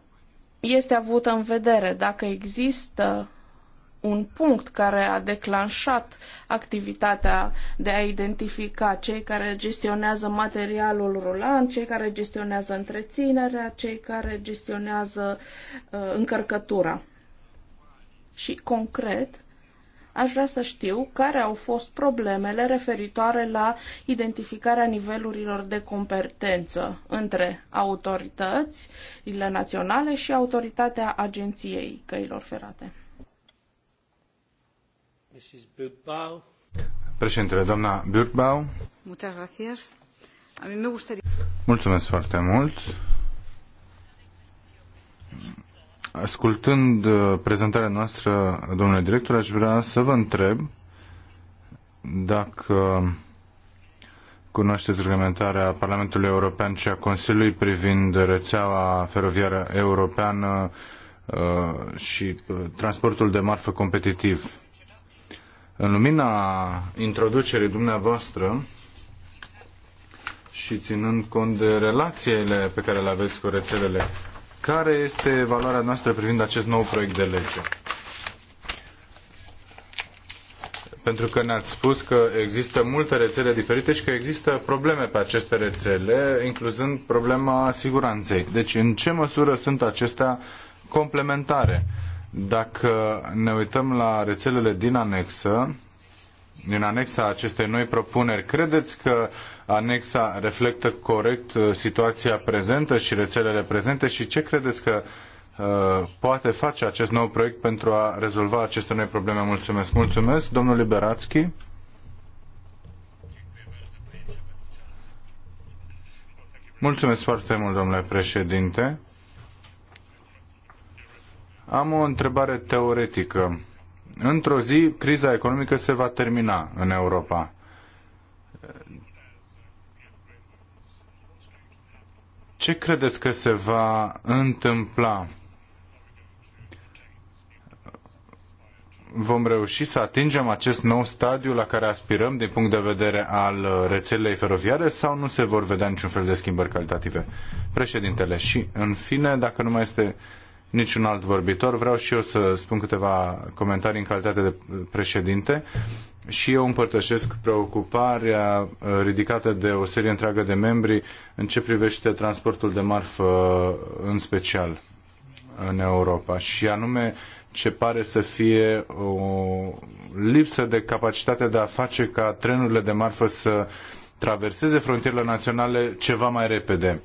este avută în vedere dacă există un punct care a declanșat activitatea de a identifica cei care gestionează materialul rulant, cei care gestionează întreținerea, cei care gestionează uh, încărcătura. Și concret, aș vrea să știu care au fost problemele referitoare la identificarea nivelurilor de competență între autoritățile naționale și autoritatea Agenției Căilor Ferate. Președintele, doamna Mulțumesc foarte mult. Ascultând uh, prezentarea noastră, domnule director, aș vrea să vă întreb dacă cunoașteți reglementarea Parlamentului European și a Consiliului privind rețeaua feroviară europeană uh, și uh, transportul de marfă competitiv în lumina introducerii dumneavoastră și ținând cont de relațiile pe care le aveți cu rețelele, care este valoarea noastră privind acest nou proiect de lege? pentru că ne-ați spus că există multe rețele diferite și că există probleme pe aceste rețele, incluzând problema siguranței. Deci, în ce măsură sunt acestea complementare? Dacă ne uităm la rețelele din anexă, din anexa acestei noi propuneri, credeți că anexa reflectă corect uh, situația prezentă și rețelele prezente și ce credeți că uh, poate face acest nou proiect pentru a rezolva aceste noi probleme? Mulțumesc! Mulțumesc, domnul Liberațchi! Mulțumesc foarte mult, domnule președinte! Am o întrebare teoretică. Într-o zi, criza economică se va termina în Europa. Ce credeți că se va întâmpla? Vom reuși să atingem acest nou stadiu la care aspirăm din punct de vedere al rețelei feroviare sau nu se vor vedea niciun fel de schimbări calitative? Președintele, și în fine, dacă nu mai este niciun alt vorbitor. Vreau și eu să spun câteva comentarii în calitate de președinte și eu împărtășesc preocuparea uh, ridicată de o serie întreagă de membri în ce privește transportul de marfă uh, în special în Europa și anume ce pare să fie o lipsă de capacitate de a face ca trenurile de marfă să traverseze frontierele naționale ceva mai repede.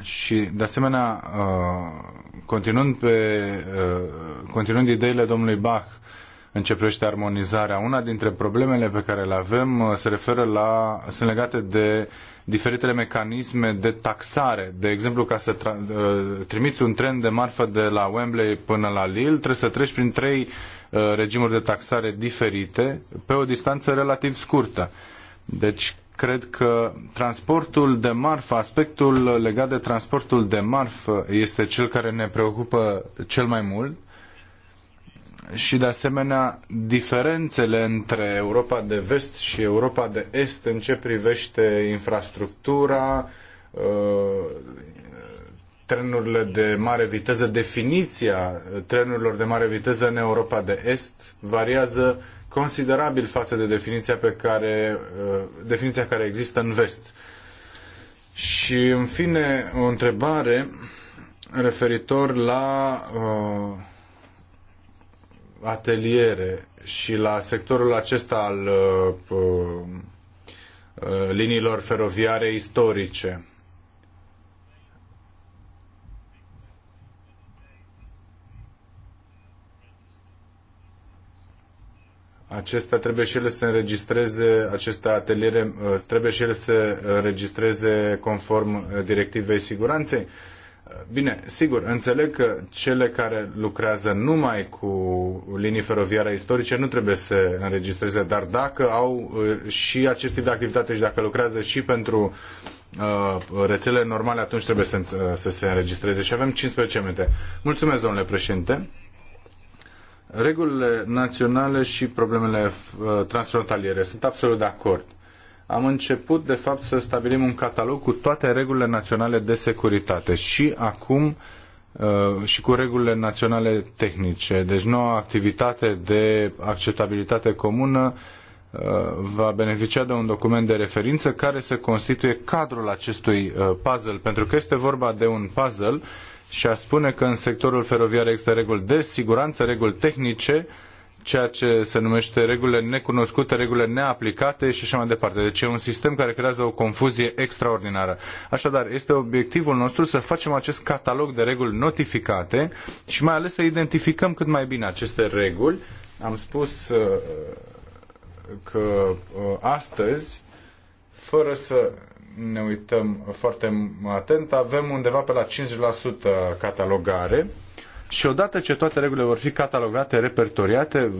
Și, de asemenea, uh, continuând, pe, uh, continuând ideile domnului Bach în ce privește armonizarea, una dintre problemele pe care le avem uh, se referă la, sunt legate de diferitele mecanisme de taxare. De exemplu, ca să tra- trimiți un tren de marfă de la Wembley până la Lille, trebuie să treci prin trei regimuri de taxare diferite pe o distanță relativ scurtă. Deci, cred că transportul de marfă, aspectul legat de transportul de marfă este cel care ne preocupă cel mai mult și de asemenea diferențele între Europa de vest și Europa de est în ce privește infrastructura, uh, trenurile de mare viteză, definiția trenurilor de mare viteză în Europa de est variază considerabil față de definiția, pe care, uh, definiția care există în vest. Și, în fine, o întrebare referitor la uh, ateliere și la sectorul acesta al uh, uh, liniilor feroviare istorice. acestea trebuie și ele să înregistreze, aceste ateliere uh, trebuie și ele să înregistreze conform uh, directivei siguranței? Uh, bine, sigur, înțeleg că cele care lucrează numai cu linii feroviare istorice nu trebuie să înregistreze, dar dacă au și acest tip de activitate și dacă lucrează și pentru rețele normale, atunci trebuie să, să se înregistreze. Și avem 15 minute. Mulțumesc, domnule președinte regulile naționale și problemele uh, transfrontaliere. Sunt absolut de acord. Am început, de fapt, să stabilim un catalog cu toate regulile naționale de securitate și acum uh, și cu regulile naționale tehnice. Deci noua activitate de acceptabilitate comună uh, va beneficia de un document de referință care să constituie cadrul acestui puzzle, pentru că este vorba de un puzzle și a spune că în sectorul feroviar există reguli de siguranță, reguli tehnice, ceea ce se numește regulile necunoscute, regulile neaplicate și așa mai departe. Deci e un sistem care creează o confuzie extraordinară. Așadar, este obiectivul nostru să facem acest catalog de reguli notificate și mai ales să identificăm cât mai bine aceste reguli. Am spus uh, că uh, astăzi, fără să ne uităm foarte atent, avem undeva pe la 50% catalogare și odată ce toate regulile vor fi catalogate, repertoriate,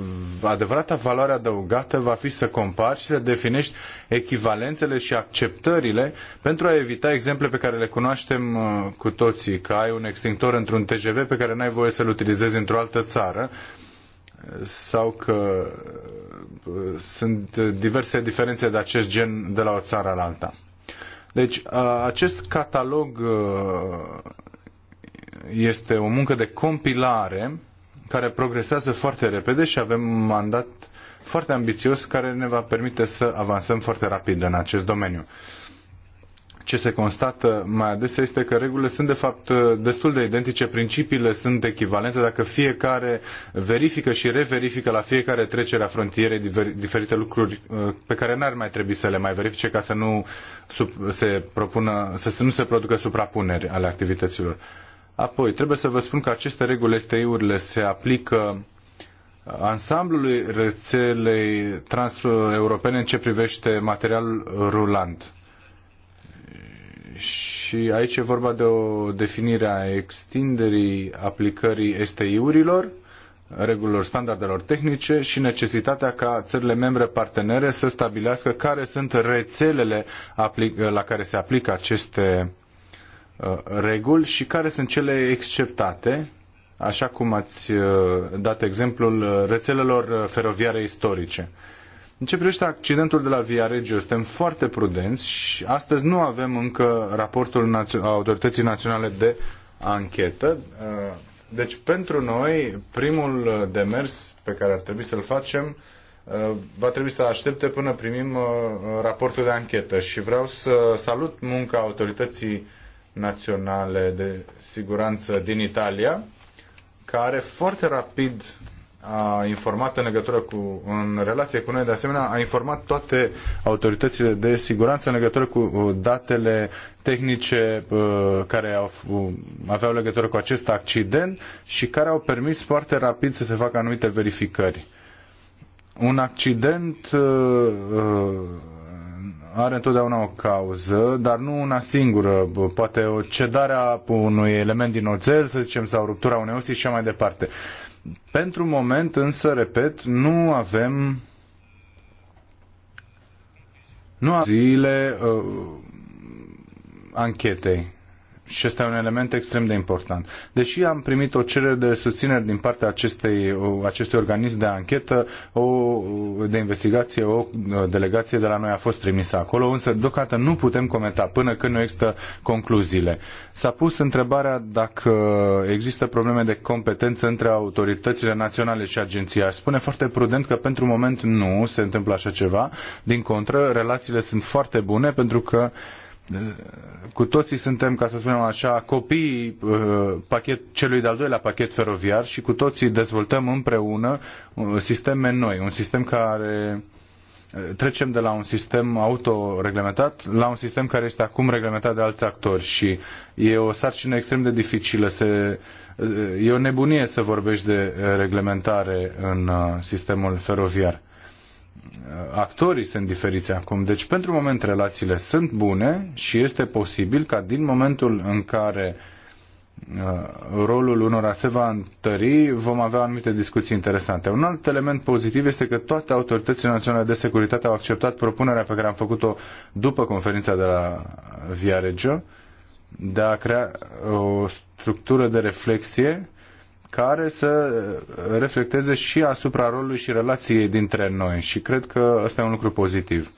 adevărata valoare adăugată va fi să compari și să definești echivalențele și acceptările pentru a evita exemple pe care le cunoaștem uh, cu toții, că ai un extintor într-un TGV pe care n-ai voie să-l utilizezi într-o altă țară sau că uh, sunt diverse diferențe de acest gen de la o țară la alta. Deci acest catalog este o muncă de compilare care progresează foarte repede și avem un mandat foarte ambițios care ne va permite să avansăm foarte rapid în acest domeniu ce se constată mai adesea este că regulile sunt de fapt destul de identice, principiile sunt echivalente dacă fiecare verifică și reverifică la fiecare trecere a frontierei diferite lucruri uh, pe care n-ar mai trebui să le mai verifice ca să nu se propună, să nu se producă suprapuneri ale activităților. Apoi, trebuie să vă spun că aceste reguli STI-urile se aplică ansamblului rețelei transeuropene în ce privește materialul rulant și aici e vorba de o definire a extinderii aplicării STI-urilor, regulilor standardelor tehnice și necesitatea ca țările membre partenere să stabilească care sunt rețelele la care se aplică aceste uh, reguli și care sunt cele exceptate, așa cum ați uh, dat exemplul rețelelor uh, feroviare istorice. În ce privește accidentul de la Via Regio, suntem foarte prudenți și astăzi nu avem încă raportul Autorității Naționale de Anchetă. Uh, deci, pentru noi, primul demers pe care ar trebui să-l facem uh, va trebui să aștepte până primim uh, raportul de anchetă și vreau să salut munca Autorității Naționale de Siguranță din Italia, care foarte rapid a informat în legătură cu, în relație cu noi, de asemenea, a informat toate autoritățile de siguranță în legătură cu uh, datele tehnice uh, care au, uh, aveau legătură cu acest accident și care au permis foarte rapid să se facă anumite verificări. Un accident are întotdeauna o cauză, dar nu una singură. Poate o cedare a unui element din oțel, să zicem, sau ruptura unei osi și așa mai departe. Pentru moment, însă, repet, nu avem nu avem zile uh, uh anchetei și este un element extrem de important. Deși am primit o cerere de susținere din partea acestei, acestui organism de anchetă, o, de investigație, o delegație de la noi a fost trimisă acolo, însă deocamdată nu putem comenta până când nu există concluziile. S-a pus întrebarea dacă există probleme de competență între autoritățile naționale și agenția. Spune foarte prudent că pentru moment nu se întâmplă așa ceva. Din contră, relațiile sunt foarte bune pentru că uh, cu toții suntem, ca să spunem așa, copiii uh, pachet, celui de-al doilea pachet feroviar și cu toții dezvoltăm împreună uh, sisteme noi, un sistem care uh, trecem de la un sistem autoreglementat la un sistem care este acum reglementat de alți actori și e o sarcină extrem de dificilă. Se, e o nebunie să vorbești de reglementare în sistemul feroviar actorii sunt diferiți acum. Deci, pentru moment, relațiile sunt bune și este posibil ca din momentul în care uh, rolul unora se va întări, vom avea anumite discuții interesante. Un alt element pozitiv este că toate autoritățile naționale de securitate au acceptat propunerea pe care am făcut-o după conferința de la Regio de a crea o structură de reflexie care să reflecteze și asupra rolului și relației dintre noi și cred că ăsta e un lucru pozitiv.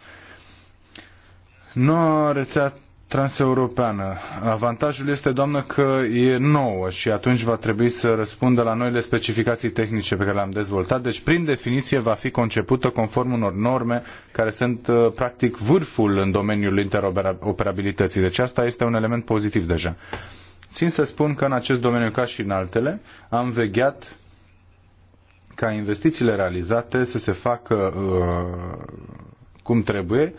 Noua rețea transeuropeană. Avantajul este, doamnă, că e nouă și atunci va trebui să răspundă la noile specificații tehnice pe care le-am dezvoltat. Deci, prin definiție, va fi concepută conform unor norme care sunt, uh, practic, vârful în domeniul interoperabilității. Deci asta este un element pozitiv deja. Țin să spun că în acest domeniu, ca și în altele, am vegheat ca investițiile realizate să se facă uh, cum trebuie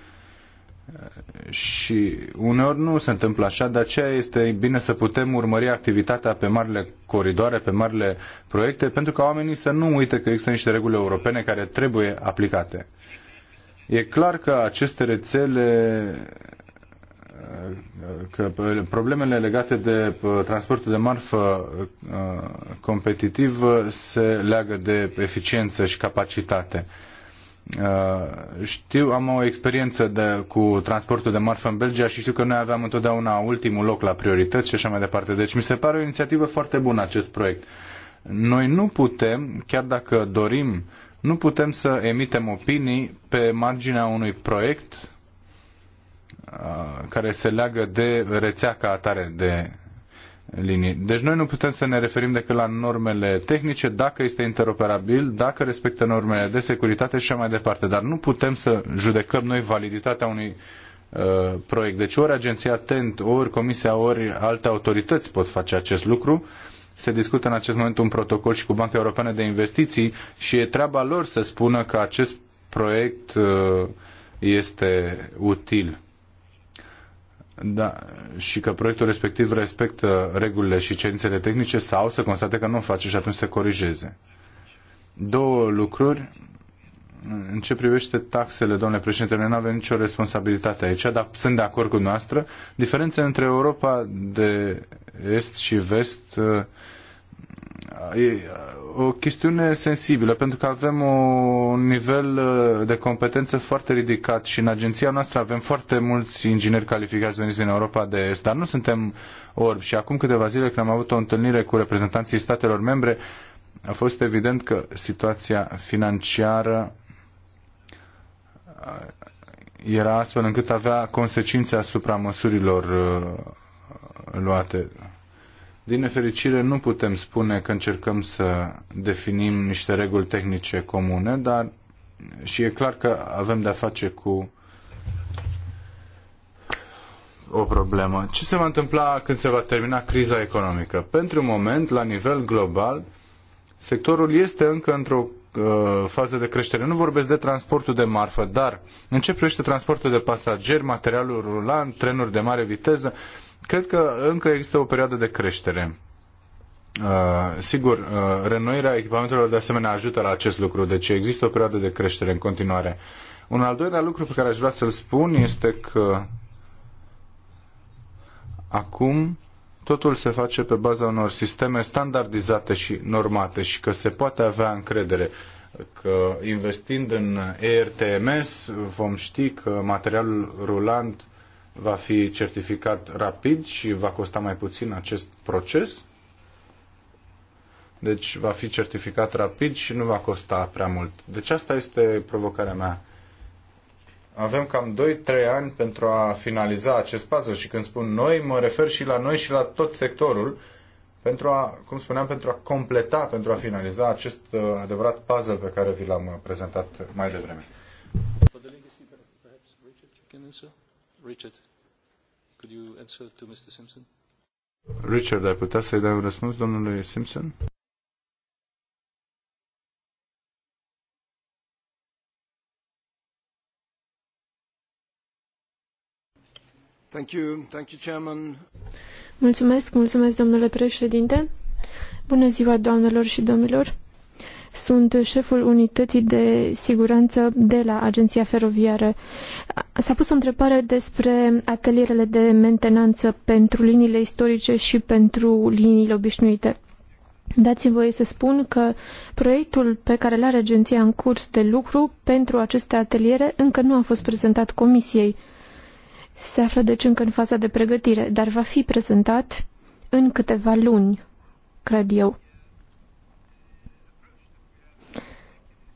și uneori nu se întâmplă așa, de aceea este bine să putem urmări activitatea pe marile coridoare, pe marile proiecte, pentru ca oamenii să nu uite că există niște reguli europene care trebuie aplicate. E clar că aceste rețele că problemele legate de uh, transportul de marfă uh, competitiv uh, se leagă de eficiență și capacitate. Știu, am o experiență de, cu transportul de marfă în Belgia și știu că noi aveam întotdeauna ultimul loc la priorități și așa mai departe. Deci mi se pare o inițiativă foarte bună acest proiect. Noi nu putem, chiar dacă dorim, nu putem să emitem opinii pe marginea unui proiect Uh, care se leagă de rețea ca atare de linii. Deci noi nu putem să ne referim decât la normele tehnice, dacă este interoperabil, dacă respectă normele de securitate și așa mai departe. Dar nu putem să judecăm noi validitatea unui uh, proiect. Deci ori agenția TENT, ori comisia, ori alte autorități pot face acest lucru. Se discută în acest moment un protocol și cu Banca Europeană de Investiții și e treaba lor să spună că acest proiect uh, este util da, și că proiectul respectiv respectă regulile și cerințele tehnice sau să constate că nu o face și atunci se corigeze. Două lucruri. În ce privește taxele, domnule președinte, noi nu avem nicio responsabilitate aici, dar sunt de acord cu noastră. Diferențele între Europa de est și vest o chestiune sensibilă, pentru că avem un nivel uh, de competență foarte ridicat și în agenția noastră avem foarte mulți ingineri calificați veniți din Europa de Est, dar nu suntem orbi. Și acum câteva zile când am avut o întâlnire cu reprezentanții statelor membre, a fost evident că situația financiară uh, era astfel încât avea consecințe asupra măsurilor uh, luate din nefericire, nu putem spune că încercăm să definim niște reguli tehnice comune, dar și e clar că avem de-a face cu o problemă. Ce se va întâmpla când se va termina criza economică? Pentru moment, la nivel global, sectorul este încă într-o uh, fază de creștere. Nu vorbesc de transportul de marfă, dar în ce privește transportul de pasageri, materialul rulant, trenuri de mare viteză, Cred că încă există o perioadă de creștere. Uh, sigur, uh, renoirea echipamentelor de asemenea ajută la acest lucru, deci există o perioadă de creștere în continuare. Un al doilea lucru pe care aș vrea să-l spun este că acum totul se face pe baza unor sisteme standardizate și normate și că se poate avea încredere că investind în ERTMS vom ști că materialul rulant va fi certificat rapid și va costa mai puțin acest proces. Deci va fi certificat rapid și nu va costa prea mult. Deci asta este provocarea mea. Avem cam 2-3 ani pentru a finaliza acest puzzle și când spun noi, mă refer și la noi și la tot sectorul pentru a, cum spuneam, pentru a completa, pentru a finaliza acest uh, adevărat puzzle pe care vi l-am uh, prezentat mai devreme. For the legacy, perhaps Richard, you can answer. Richard, could you answer to Mr. Simpson? Richard, ai putea să-i dai un răspuns domnului Simpson? Thank you. Thank you, Chairman. Mulțumesc, mulțumesc domnule președinte. Bună ziua doamnelor și domnilor. Sunt șeful unității de siguranță de la Agenția Feroviară. S-a pus o întrebare despre atelierele de mentenanță pentru liniile istorice și pentru liniile obișnuite. Dați-mi voie să spun că proiectul pe care l-are agenția în curs de lucru pentru aceste ateliere încă nu a fost prezentat comisiei. Se află deci încă în faza de pregătire, dar va fi prezentat în câteva luni, cred eu.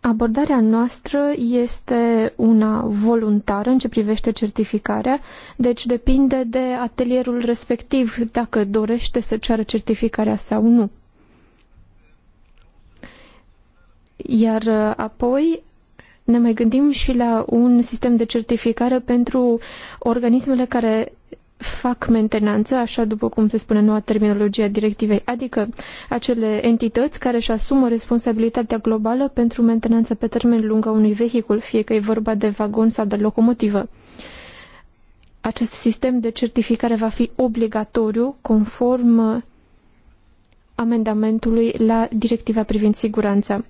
Abordarea noastră este una voluntară în ce privește certificarea, deci depinde de atelierul respectiv dacă dorește să ceară certificarea sau nu. Iar uh, apoi ne mai gândim și la un sistem de certificare pentru organismele care fac mentenanță, așa după cum se spune noua terminologie a directivei, adică acele entități care își asumă responsabilitatea globală pentru mentenanță pe termen lung a unui vehicul, fie că e vorba de vagon sau de locomotivă. Acest sistem de certificare va fi obligatoriu conform amendamentului la directiva privind siguranța.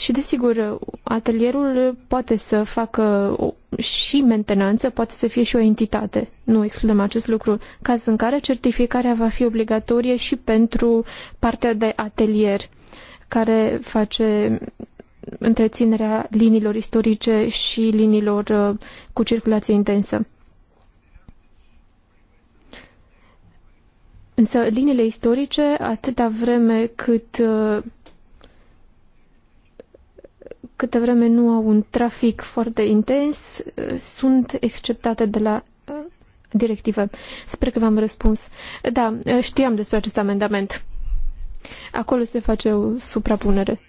Și desigur, atelierul poate să facă și mentenanță, poate să fie și o entitate. Nu excludem acest lucru. Caz în care certificarea va fi obligatorie și pentru partea de atelier care face întreținerea liniilor istorice și liniilor uh, cu circulație intensă. Însă liniile istorice, atâta vreme cât uh, câte vreme nu au un trafic foarte intens, sunt exceptate de la uh, directivă. Sper că v-am răspuns. Da, uh, știam despre acest amendament. Acolo se face o suprapunere.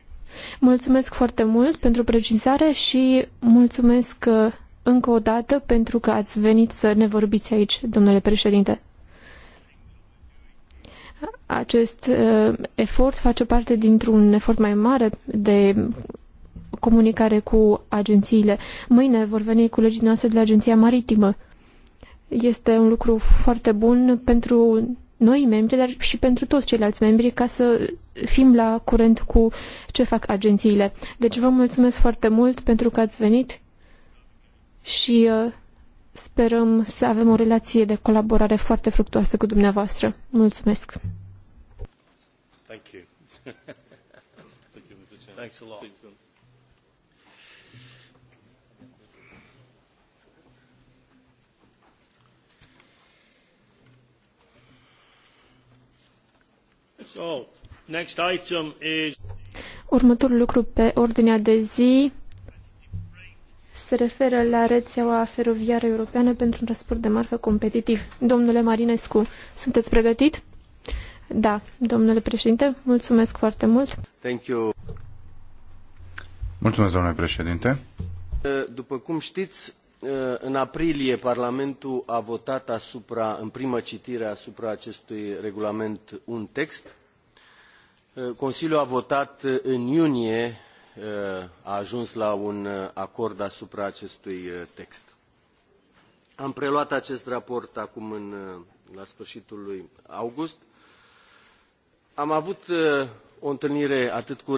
Mulțumesc foarte mult pentru precizare și mulțumesc uh, încă o dată pentru că ați venit să ne vorbiți aici, domnule președinte. Acest efort face parte dintr-un efort mai mare de comunicare cu agențiile. Mâine vor veni colegii noastre de la Agenția Maritimă. Este un lucru foarte bun pentru noi membri, dar și pentru toți ceilalți membri, ca să fim la curent cu ce fac agențiile. Deci vă mulțumesc foarte mult pentru că ați venit și uh, sperăm să avem o relație de colaborare foarte fructuoasă cu dumneavoastră. Mulțumesc! Thank you. [laughs] Thank you, Mr. Chairman. Thanks a lot. Următorul lucru pe ordinea de zi se referă la rețeaua feroviară europeană pentru un transport de marfă competitiv. Domnule Marinescu, sunteți pregătit? Da, domnule președinte, mulțumesc foarte mult. Thank you. Mulțumesc, domnule președinte. După cum știți, în aprilie Parlamentul a votat asupra, în primă citire asupra acestui regulament un text Uh, Consiliul a votat uh, în iunie, uh, a ajuns la un acord asupra acestui text. Am preluat acest raport acum în, la sfârșitul lui august. Am avut o întâlnire atât cu,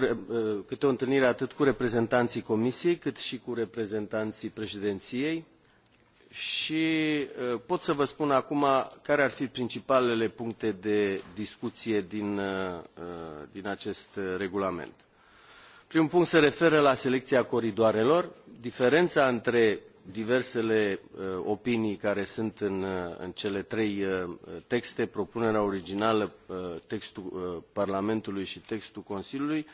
câte o întâlnire atât cu reprezentanții Comisiei, cât și cu reprezentanții președinției și uh, pot să vă spun acum care ar fi principalele puncte de discuție din, uh, uh, din acest regulament. Primul punct se referă la selecția coridoarelor. Diferența între diversele opinii care sunt în, în cele trei texte, propunerea originală, textul Parlamentului și textul Consiliului,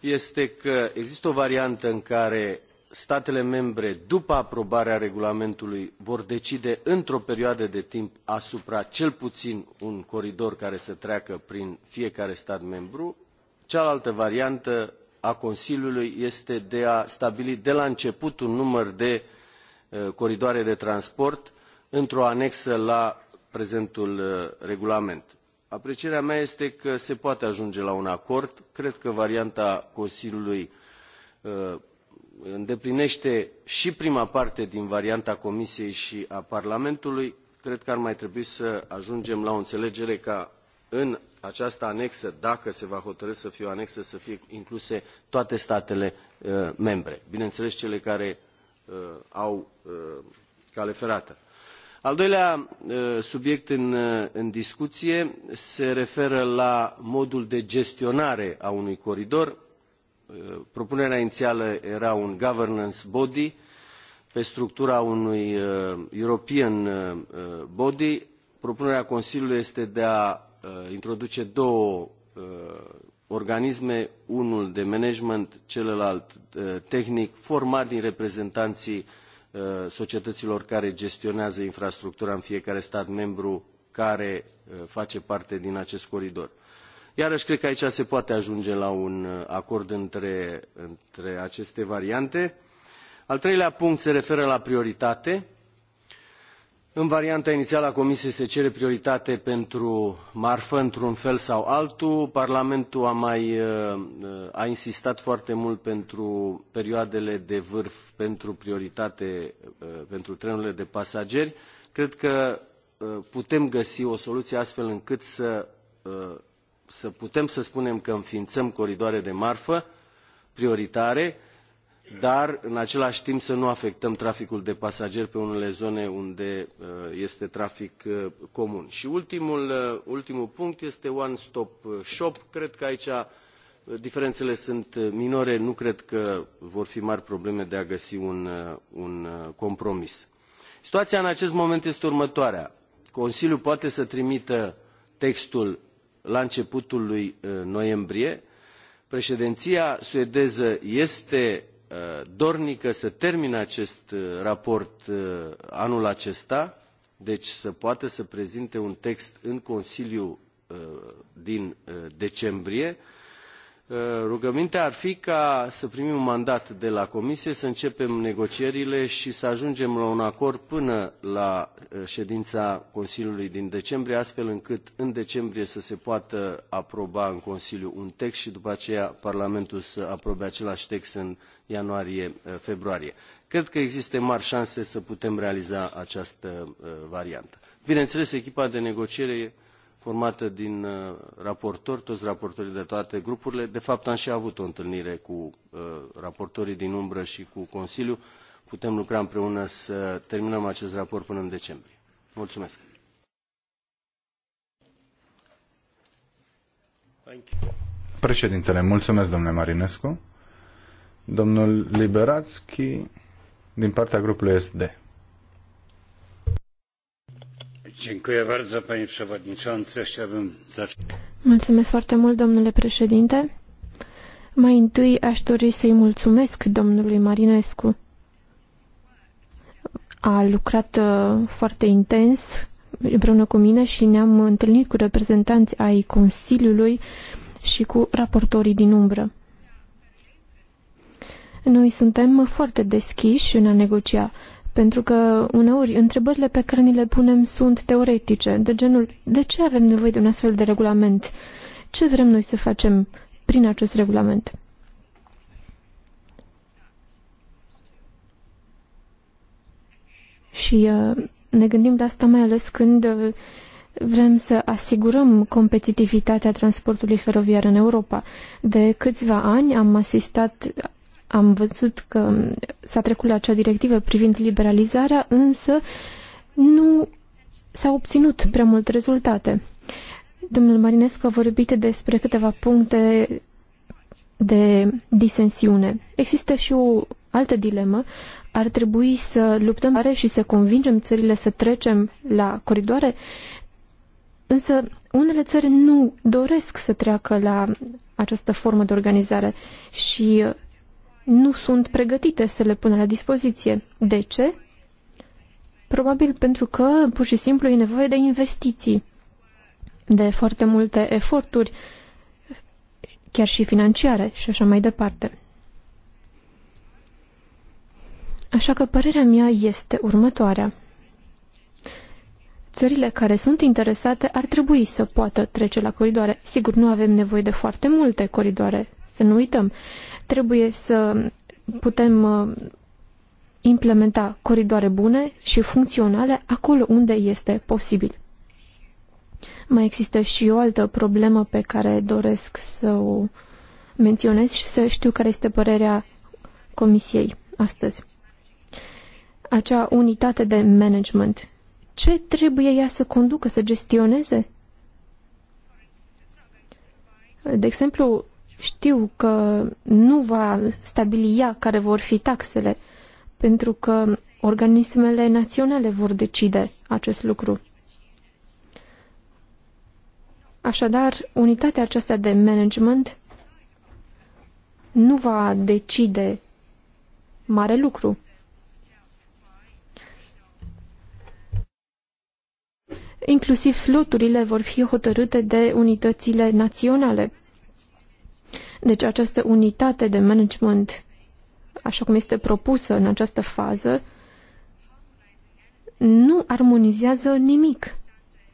este că există o variantă în care statele membre după aprobarea regulamentului vor decide într o perioadă de timp asupra cel puțin un coridor care să treacă prin fiecare stat membru cealaltă variantă a consiliului este de a stabili de la început un număr de uh, coridoare de transport într o anexă la prezentul uh, regulament. aprecierea mea este că se poate ajunge la un acord cred că varianta consiliului uh, îndeplinește și prima parte din varianta Comisiei și a Parlamentului, cred că ar mai trebui să ajungem la o înțelegere ca în această anexă, dacă se va hotărî să fie o anexă, să fie incluse toate statele uh, membre, bineînțeles cele care uh, au uh, cale ferată. Al doilea uh, subiect în, uh, în discuție se referă la modul de gestionare a unui coridor Uh, propunerea inițială era un governance body pe structura unui uh, European uh, body. Propunerea Consiliului este de a introduce două organisme, unul de management, celălalt tehnic, format din reprezentanții societăților care gestionează infrastructura în fiecare stat membru care face parte din acest coridor iarăi cred că aici se poate ajunge la un uh, acord între, între aceste variante. Al treilea punct se referă la prioritate. În varianta inițială a Comisiei se cere prioritate pentru marfă într-un fel sau altul. Parlamentul a mai uh, uh, a insistat foarte mult pentru perioadele de vârf, pentru prioritate pentru trenurile de pasageri. Cred că putem găsi o soluție astfel încât să să putem să spunem că înființăm coridoare de marfă prioritare, dar în același timp să nu afectăm traficul de pasageri pe unele zone unde uh, este trafic uh, comun. Și ultimul, uh, ultimul punct este One Stop Shop. Cred că aici diferențele sunt minore, nu cred că vor fi mari probleme de a găsi un, un compromis. Situația în acest moment este următoarea. Consiliul poate să trimită textul la începutul lui uh, noiembrie. Președinția suedeză este uh, dornică să termine acest uh, raport anul acesta, deci să poată să prezinte un text în Consiliu din decembrie, Uh, rugămintea ar fi ca să primim un mandat de la comisie să începem negocierile și să ajungem la un acord până la uh, edina Consiliului din decembrie, astfel încât în decembrie să se poată aproba în Consiliu un text și după aceea Parlamentul să aprobe același text în ianuarie-februarie. Uh, Cred că există mari șanse să putem realiza această variantă. bineîneles echipa de negociere formată din uh, raportori, toți raportorii de toate grupurile. De fapt, am și avut o întâlnire cu uh, raportorii din umbră și cu Consiliu. Putem lucra împreună să terminăm acest raport până în decembrie. Mulțumesc! Președintele, mulțumesc, domnule Marinescu. Domnul Liberatski, din partea grupului SD. Mulțumesc foarte mult, domnule președinte. Mai întâi aș dori să-i mulțumesc domnului Marinescu. A lucrat uh, foarte intens împreună cu mine și ne-am întâlnit cu reprezentanți ai Consiliului și cu raportorii din umbră. Noi suntem foarte deschiși în a negocia pentru că uneori întrebările pe care ni le punem sunt teoretice, de genul de ce avem nevoie de un astfel de regulament? Ce vrem noi să facem prin acest regulament? Și uh, ne gândim la asta mai ales când uh, vrem să asigurăm competitivitatea transportului feroviar în Europa. De câțiva ani am asistat am văzut că s-a trecut la acea directivă privind liberalizarea, însă nu s-au obținut prea multe rezultate. Domnul Marinescu a vorbit despre câteva puncte de disensiune. Există și o altă dilemă. Ar trebui să luptăm are și să convingem țările să trecem la coridoare, însă unele țări nu doresc să treacă la această formă de organizare și nu sunt pregătite să le pună la dispoziție. De ce? Probabil pentru că pur și simplu e nevoie de investiții, de foarte multe eforturi, chiar și financiare și așa mai departe. Așa că părerea mea este următoarea. Țările care sunt interesate ar trebui să poată trece la coridoare. Sigur, nu avem nevoie de foarte multe coridoare, să nu uităm. Trebuie să putem uh, implementa coridoare bune și funcționale acolo unde este posibil. Mai există și o altă problemă pe care doresc să o menționez și să știu care este părerea Comisiei astăzi. Acea unitate de management. Ce trebuie ea să conducă, să gestioneze? De exemplu, știu că nu va stabili ea care vor fi taxele, pentru că organismele naționale vor decide acest lucru. Așadar, unitatea aceasta de management nu va decide mare lucru. Inclusiv sloturile vor fi hotărâte de unitățile naționale. Deci această unitate de management, așa cum este propusă în această fază, nu armonizează nimic.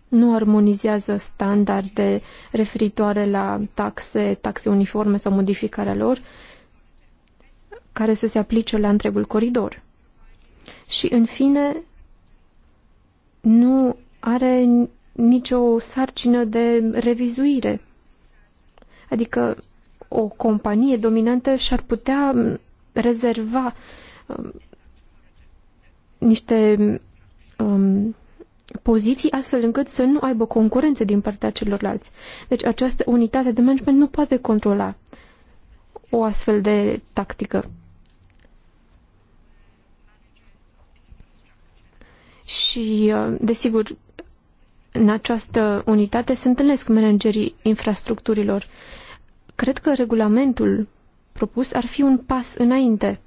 Nu armonizează standarde referitoare la taxe, taxe uniforme sau modificarea lor, care să se aplice la întregul coridor. Și, în fine, nu are nicio sarcină de revizuire. Adică o companie dominantă și-ar putea mm, rezerva mm, niște um, poziții astfel încât să nu aibă concurență din partea celorlalți. Deci această unitate de management nu poate controla o astfel de tactică. Și, uh, desigur, în această unitate se întâlnesc managerii infrastructurilor. Uh, Cred că regulamentul propus ar fi un pas înainte.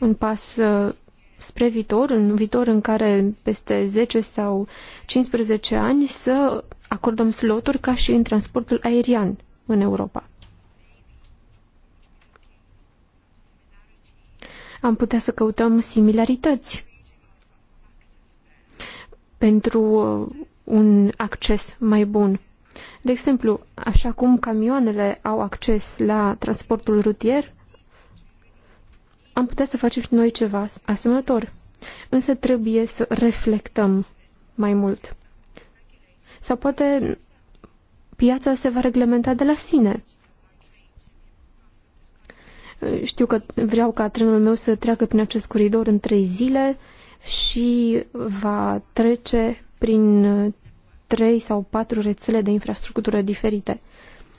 Un pas uh, spre viitor, în viitor în care peste 10 sau 15 ani să acordăm sloturi ca și în transportul aerian în Europa. Am putea să căutăm similarități pentru uh, un acces mai bun. De exemplu, așa cum camioanele au acces la transportul rutier, am putea să facem și noi ceva asemănător. Însă trebuie să reflectăm mai mult. Sau poate piața se va reglementa de la sine. Știu că vreau ca trenul meu să treacă prin acest coridor în trei zile și va trece prin trei sau patru rețele de infrastructură diferite.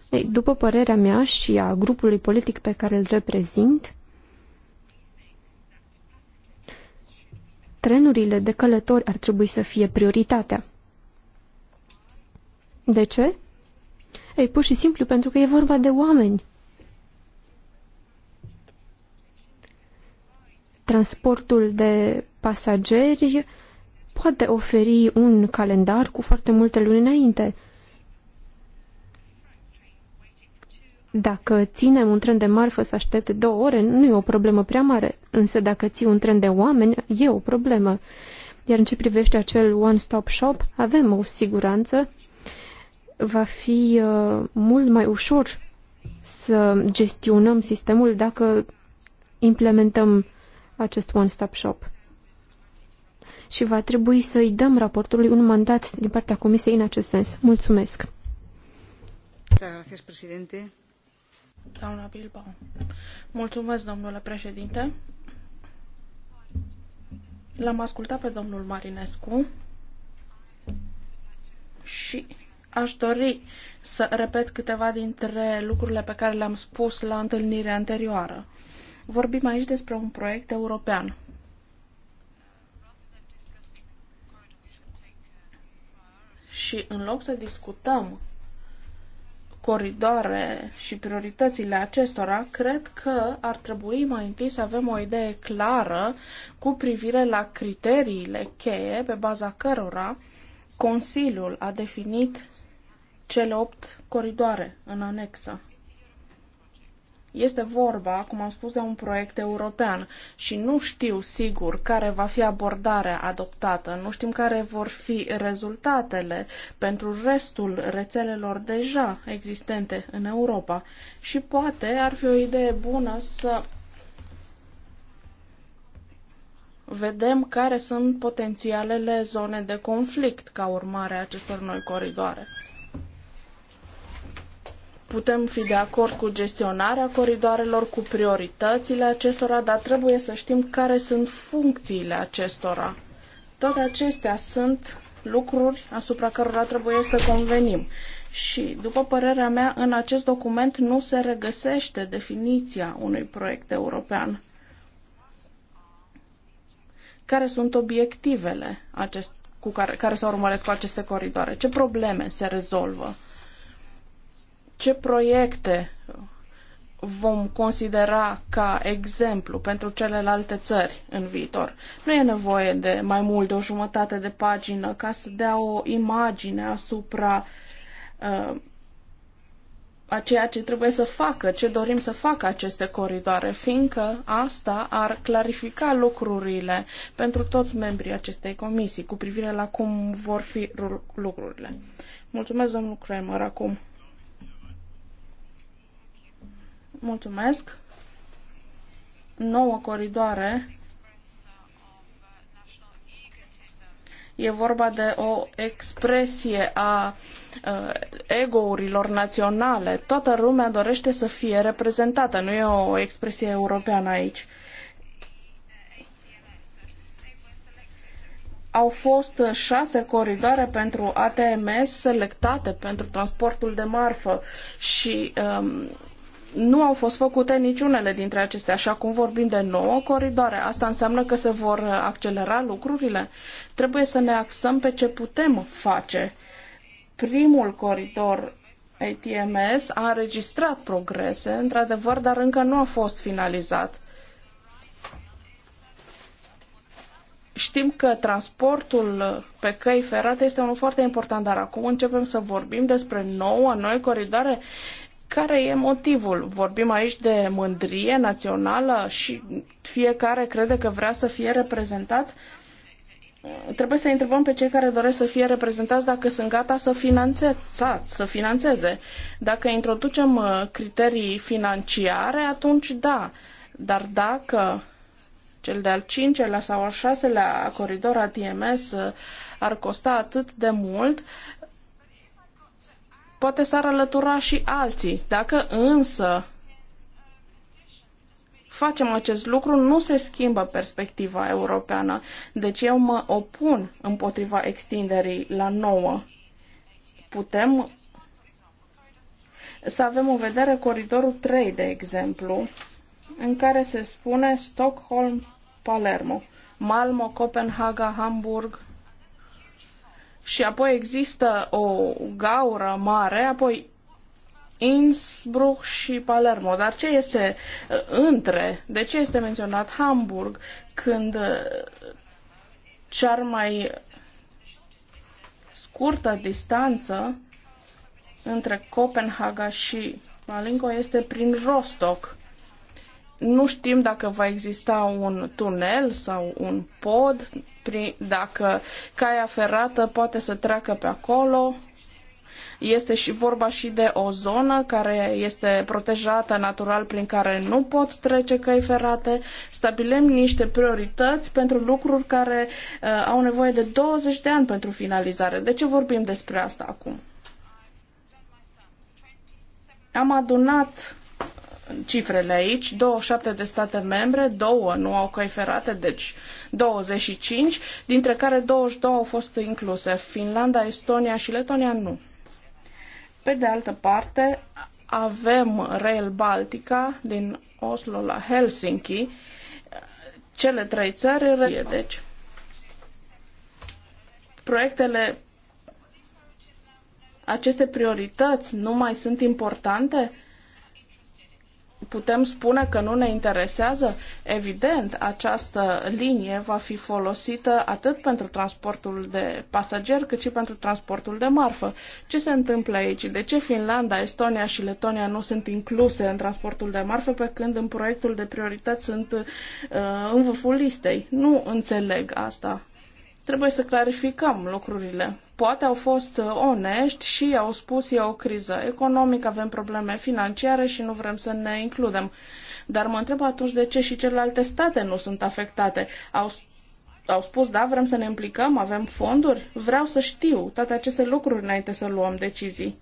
Ei, după părerea mea și a grupului politic pe care îl reprezint, trenurile de călători ar trebui să fie prioritatea. De ce? Ei, pur și simplu pentru că e vorba de oameni. Transportul de pasageri poate oferi un calendar cu foarte multe luni înainte. Dacă ținem un tren de marfă să aștepte două ore, nu e o problemă prea mare, însă dacă ții un tren de oameni, e o problemă. Iar în ce privește acel one-stop shop, avem o siguranță, va fi uh, mult mai ușor să gestionăm sistemul dacă implementăm acest one-stop shop și va trebui să îi dăm raportului un mandat din partea Comisiei în acest sens. Mulțumesc! Doamna Bilbao. Mulțumesc, domnule președinte. L-am ascultat pe domnul Marinescu și aș dori să repet câteva dintre lucrurile pe care le-am spus la întâlnirea anterioară. Vorbim aici despre un proiect european și în loc să discutăm coridoare și prioritățile acestora, cred că ar trebui mai întâi să avem o idee clară cu privire la criteriile cheie pe baza cărora Consiliul a definit cele opt coridoare în anexă. Este vorba, cum am spus, de un proiect european și nu știu sigur care va fi abordarea adoptată, nu știm care vor fi rezultatele pentru restul rețelelor deja existente în Europa. Și poate ar fi o idee bună să vedem care sunt potențialele zone de conflict ca urmare a acestor noi coridoare putem fi de acord cu gestionarea coridoarelor, cu prioritățile acestora, dar trebuie să știm care sunt funcțiile acestora. Toate acestea sunt lucruri asupra cărora trebuie să convenim. Și, după părerea mea, în acest document nu se regăsește definiția unui proiect european. Care sunt obiectivele acest, cu care, care se urmăresc cu aceste coridoare? Ce probleme se rezolvă? ce proiecte vom considera ca exemplu pentru celelalte țări în viitor. Nu e nevoie de mai mult de o jumătate de pagină ca să dea o imagine asupra uh, a ceea ce trebuie să facă, ce dorim să facă aceste coridoare, fiindcă asta ar clarifica lucrurile pentru toți membrii acestei comisii cu privire la cum vor fi lucrurile. Mulțumesc, domnul Kramer, acum. Mulțumesc. 9 coridoare. E vorba de o expresie a uh, egourilor naționale. Toată lumea dorește să fie reprezentată, nu e o expresie europeană aici. au fost șase coridoare pentru ATMS selectate pentru transportul de marfă și um, nu au fost făcute niciunele dintre acestea, așa cum vorbim de nouă coridoare. Asta înseamnă că se vor accelera lucrurile. Trebuie să ne axăm pe ce putem face. Primul coridor ATMS a înregistrat progrese, într-adevăr, dar încă nu a fost finalizat. Știm că transportul pe căi ferate este unul foarte important, dar acum începem să vorbim despre nouă, noi coridoare care e motivul? Vorbim aici de mândrie națională și fiecare crede că vrea să fie reprezentat? Trebuie să întrebăm pe cei care doresc să fie reprezentați dacă sunt gata să finanțeze, să financeze. Dacă introducem uh, criterii financiare, atunci da. Dar dacă cel de-al cincelea sau al șaselea coridor ATMS uh, ar costa atât de mult, poate s-ar alătura și alții. Dacă însă facem acest lucru, nu se schimbă perspectiva europeană. Deci eu mă opun împotriva extinderii la nouă. Putem să avem în vedere coridorul 3, de exemplu, în care se spune Stockholm-Palermo, Malmo, Copenhaga, Hamburg, și apoi există o gaură mare, apoi Innsbruck și Palermo. Dar ce este uh, între? De ce este menționat Hamburg când uh, cea mai scurtă distanță între Copenhaga și Malinco este prin Rostock nu știm dacă va exista un tunel sau un pod, dacă caia ferată poate să treacă pe acolo. Este și vorba și de o zonă care este protejată natural prin care nu pot trece căi ferate. Stabilem niște priorități pentru lucruri care uh, au nevoie de 20 de ani pentru finalizare. De ce vorbim despre asta acum? Am adunat cifrele aici, 27 de state membre, două nu au căi ferate, deci 25, dintre care 22 au fost incluse. Finlanda, Estonia și Letonia nu. Pe de altă parte, avem Rail Baltica din Oslo la Helsinki, cele trei țări, deci. Proiectele aceste priorități nu mai sunt importante? putem spune că nu ne interesează? Evident, această linie va fi folosită atât pentru transportul de pasageri, cât și pentru transportul de marfă. Ce se întâmplă aici? De ce Finlanda, Estonia și Letonia nu sunt incluse în transportul de marfă, pe când în proiectul de priorități sunt uh, în vârful listei? Nu înțeleg asta. Trebuie să clarificăm lucrurile. Poate au fost uh, onești și au spus e o criză economică, avem probleme financiare și nu vrem să ne includem. Dar mă întreb atunci de ce și celelalte state nu sunt afectate. Au au spus, da, vrem să ne implicăm, avem fonduri, vreau să știu toate aceste lucruri înainte să luăm decizii.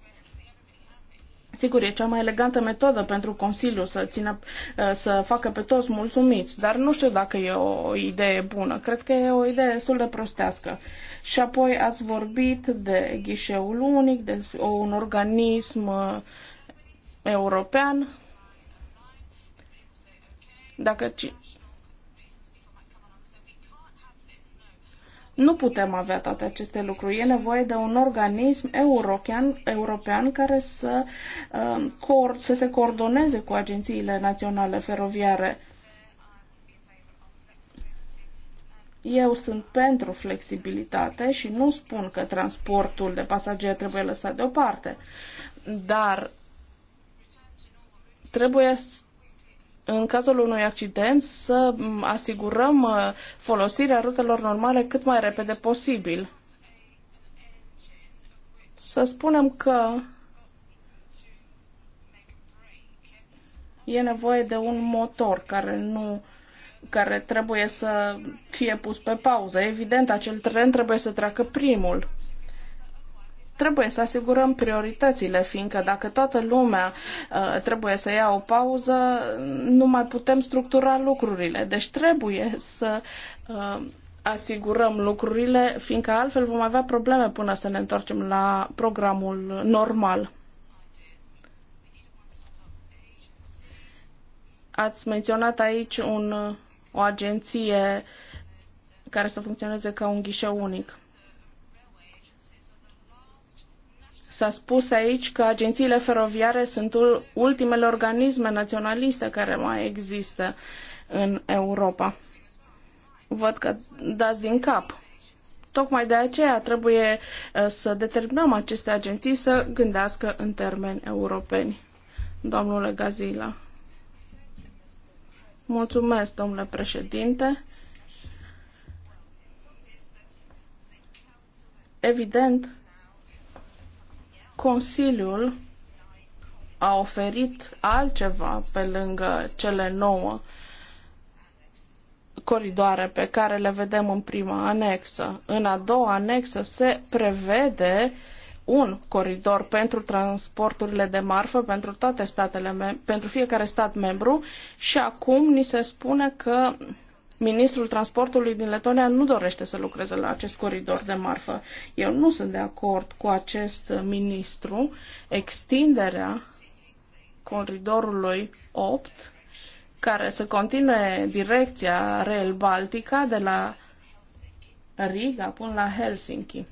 Sigur, e cea mai elegantă metodă pentru Consiliu să, țină, uh, să facă pe toți mulțumiți, dar nu știu dacă e o idee bună. Cred că e o idee destul de prostească. Și apoi ați vorbit de ghișeul unic, de un organism uh, european. Dacă Nu putem avea toate aceste lucruri. E nevoie de un organism european, european care să, um, să se coordoneze cu agențiile naționale feroviare. Eu sunt pentru flexibilitate și nu spun că transportul de pasageri trebuie lăsat deoparte, dar trebuie în cazul unui accident, să mm, asigurăm uh, folosirea rutelor normale cât mai repede posibil. Să spunem că e nevoie de un motor care nu care trebuie să fie pus pe pauză. Evident, acel tren trebuie să treacă primul trebuie să asigurăm prioritățile, fiindcă dacă toată lumea uh, trebuie să ia o pauză, nu mai putem structura lucrurile. Deci trebuie să uh, asigurăm lucrurile, fiindcă altfel vom avea probleme până să ne întoarcem la programul normal. Ați menționat aici un, o agenție care să funcționeze ca un ghișeu unic. S-a spus aici că agențiile feroviare sunt ultimele organisme naționaliste care mai există în Europa. Văd că dați din cap. Tocmai de aceea trebuie uh, să determinăm aceste agenții să gândească în termeni europeni. Domnule Gazila. Mulțumesc, domnule președinte. Evident, Consiliul a oferit altceva pe lângă cele nouă coridoare pe care le vedem în prima anexă. În a doua anexă se prevede un coridor pentru transporturile de marfă pentru toate statele, pentru fiecare stat membru și acum ni se spune că Ministrul transportului din Letonia nu dorește să lucreze la acest coridor de marfă. Eu nu sunt de acord cu acest ministru. Extinderea coridorului 8, care să continue direcția Rail Baltica de la Riga până la Helsinki.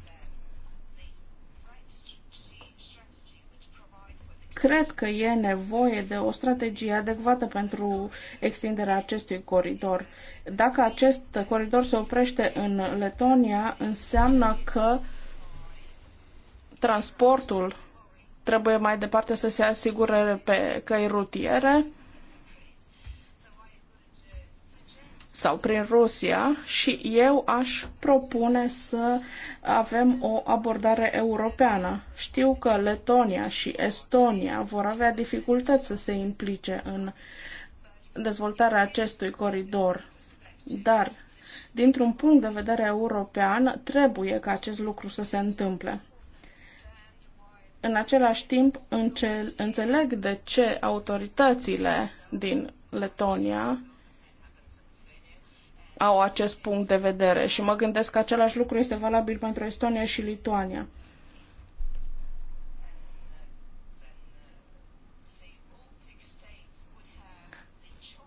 Cred că e nevoie de o strategie adecvată pentru extinderea acestui coridor. Dacă acest coridor se oprește în Letonia, înseamnă că transportul trebuie mai departe să se asigure pe căi rutiere, sau prin Rusia și eu aș propune să avem o abordare europeană. Știu că Letonia și Estonia vor avea dificultăți să se implice în dezvoltarea acestui coridor, dar dintr-un punct de vedere european trebuie ca acest lucru să se întâmple. În același timp, înțeleg de ce autoritățile din Letonia au acest punct de vedere și mă gândesc că același lucru este valabil pentru Estonia și Lituania.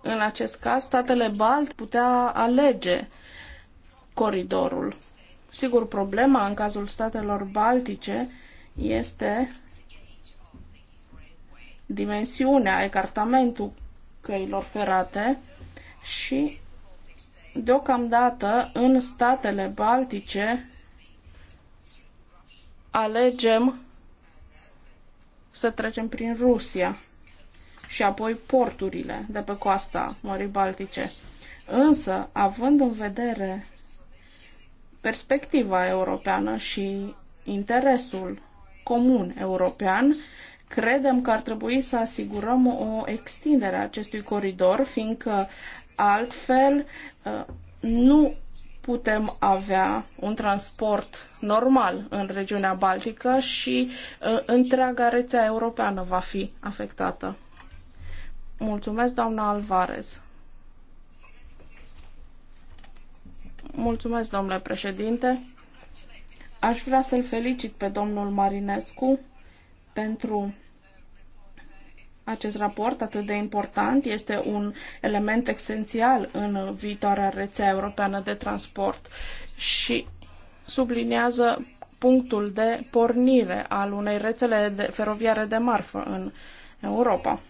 În acest caz, statele Balt putea alege coridorul. Sigur, problema în cazul statelor baltice este dimensiunea, ecartamentul căilor ferate și Deocamdată, în statele baltice, alegem să trecem prin Rusia și apoi porturile de pe coasta Mării Baltice. Însă, având în vedere perspectiva europeană și interesul comun european, credem că ar trebui să asigurăm o extindere a acestui coridor, fiindcă Altfel, uh, nu putem avea un transport normal în regiunea Baltică și uh, întreaga rețea europeană va fi afectată. Mulțumesc, doamna Alvarez. Mulțumesc, domnule președinte. Aș vrea să-l felicit pe domnul Marinescu pentru acest raport atât de important este un element esențial în viitoarea rețea europeană de transport și subliniază punctul de pornire al unei rețele de feroviare de marfă în Europa.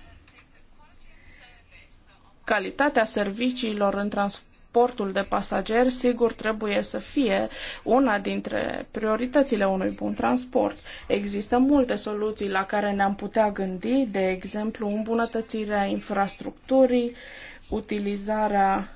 Calitatea serviciilor în transport transportul de pasageri, sigur, trebuie să fie una dintre prioritățile unui bun transport. Există multe soluții la care ne-am putea gândi, de exemplu, îmbunătățirea infrastructurii, utilizarea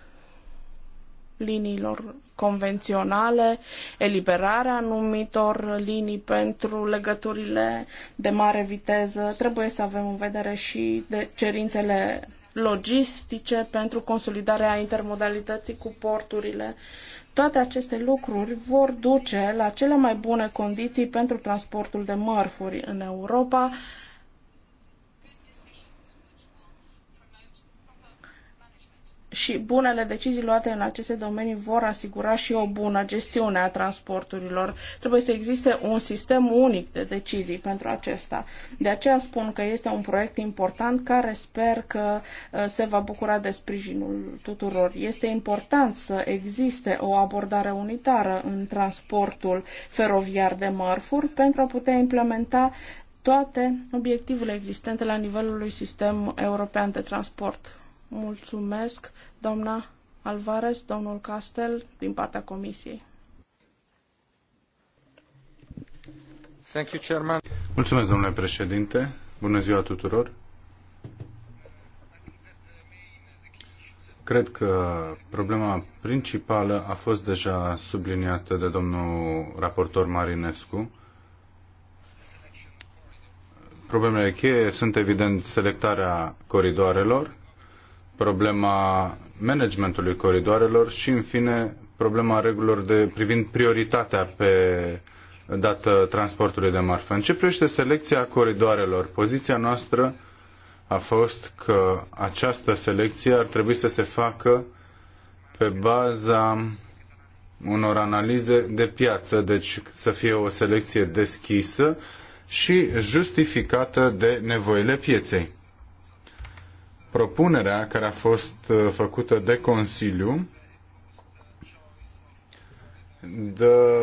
liniilor convenționale, eliberarea anumitor linii pentru legăturile de mare viteză. Trebuie să avem în vedere și de cerințele logistice pentru consolidarea intermodalității cu porturile. Toate aceste lucruri vor duce la cele mai bune condiții pentru transportul de mărfuri în Europa, și bunele decizii luate în aceste domenii vor asigura și o bună gestiune a transporturilor. Trebuie să existe un sistem unic de decizii pentru acesta. De aceea spun că este un proiect important care sper că uh, se va bucura de sprijinul tuturor. Este important să existe o abordare unitară în transportul feroviar de mărfuri pentru a putea implementa toate obiectivele existente la nivelul sistemului european de transport. Mulțumesc, doamna Alvarez, domnul Castel, din partea Comisiei. Thank you, Chairman. Mulțumesc, domnule președinte. Bună ziua tuturor. Cred că problema principală a fost deja subliniată de domnul raportor Marinescu. Problemele cheie sunt evident selectarea coridoarelor, problema managementului coridoarelor și, în fine, problema regulilor de, privind prioritatea pe dată transportului de marfă. În ce privește selecția coridoarelor, poziția noastră a fost că această selecție ar trebui să se facă pe baza unor analize de piață, deci să fie o selecție deschisă și justificată de nevoile pieței propunerea care a fost uh, făcută de Consiliu dă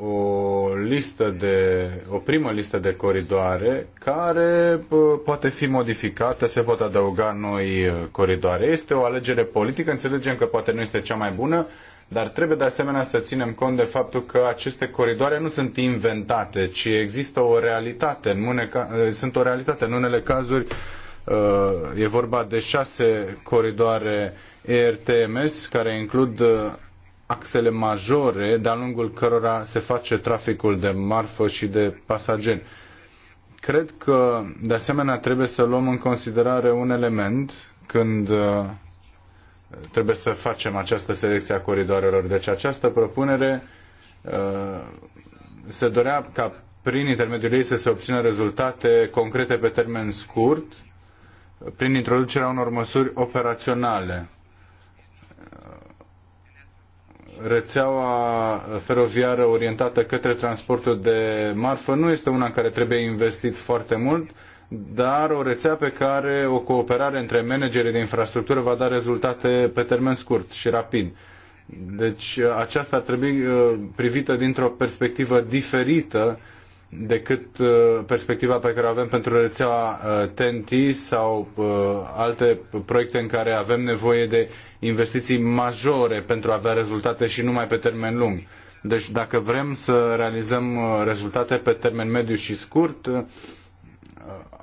o listă de, o primă listă de coridoare care uh, poate fi modificată, se pot adăuga noi uh, coridoare. Este o alegere politică, înțelegem că poate nu este cea mai bună, dar trebuie de asemenea să ținem cont de faptul că aceste coridoare nu sunt inventate, ci există o realitate. În sunt o realitate în unele cazuri Uh, e vorba de șase coridoare ERTMS care includ uh, axele majore de-a lungul cărora se face traficul de marfă și de pasageri. Cred că, de asemenea, trebuie să luăm în considerare un element când uh, trebuie să facem această selecție a coridoarelor. Deci această propunere se dorea ca prin intermediul ei să se obțină rezultate concrete pe termen scurt, prin introducerea unor măsuri operaționale. Rețeaua feroviară orientată către transportul de marfă nu este una în care trebuie investit foarte mult, dar o rețea pe care o cooperare între managerii de infrastructură va da rezultate pe termen scurt și rapid. Deci aceasta ar trebui uh, privită dintr-o perspectivă diferită decât uh, perspectiva pe care o avem pentru rețeaua TNT uh, sau uh, alte proiecte în care avem nevoie de investiții majore pentru a avea rezultate și numai pe termen lung. Deci dacă vrem să realizăm rezultate pe termen mediu și scurt,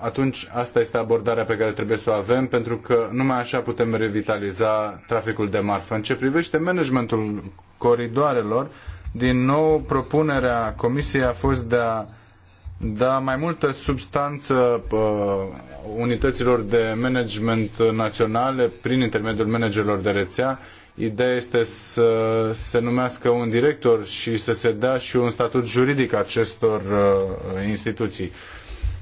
atunci asta este abordarea pe care trebuie să o avem, pentru că numai așa putem revitaliza traficul de marfă. În ce privește managementul coridoarelor, din nou propunerea Comisiei a fost de a da mai multă substanță uh, unităților de management naționale prin intermediul managerilor de rețea. Ideea este să se numească un director și să se dea și un statut juridic acestor uh, instituții.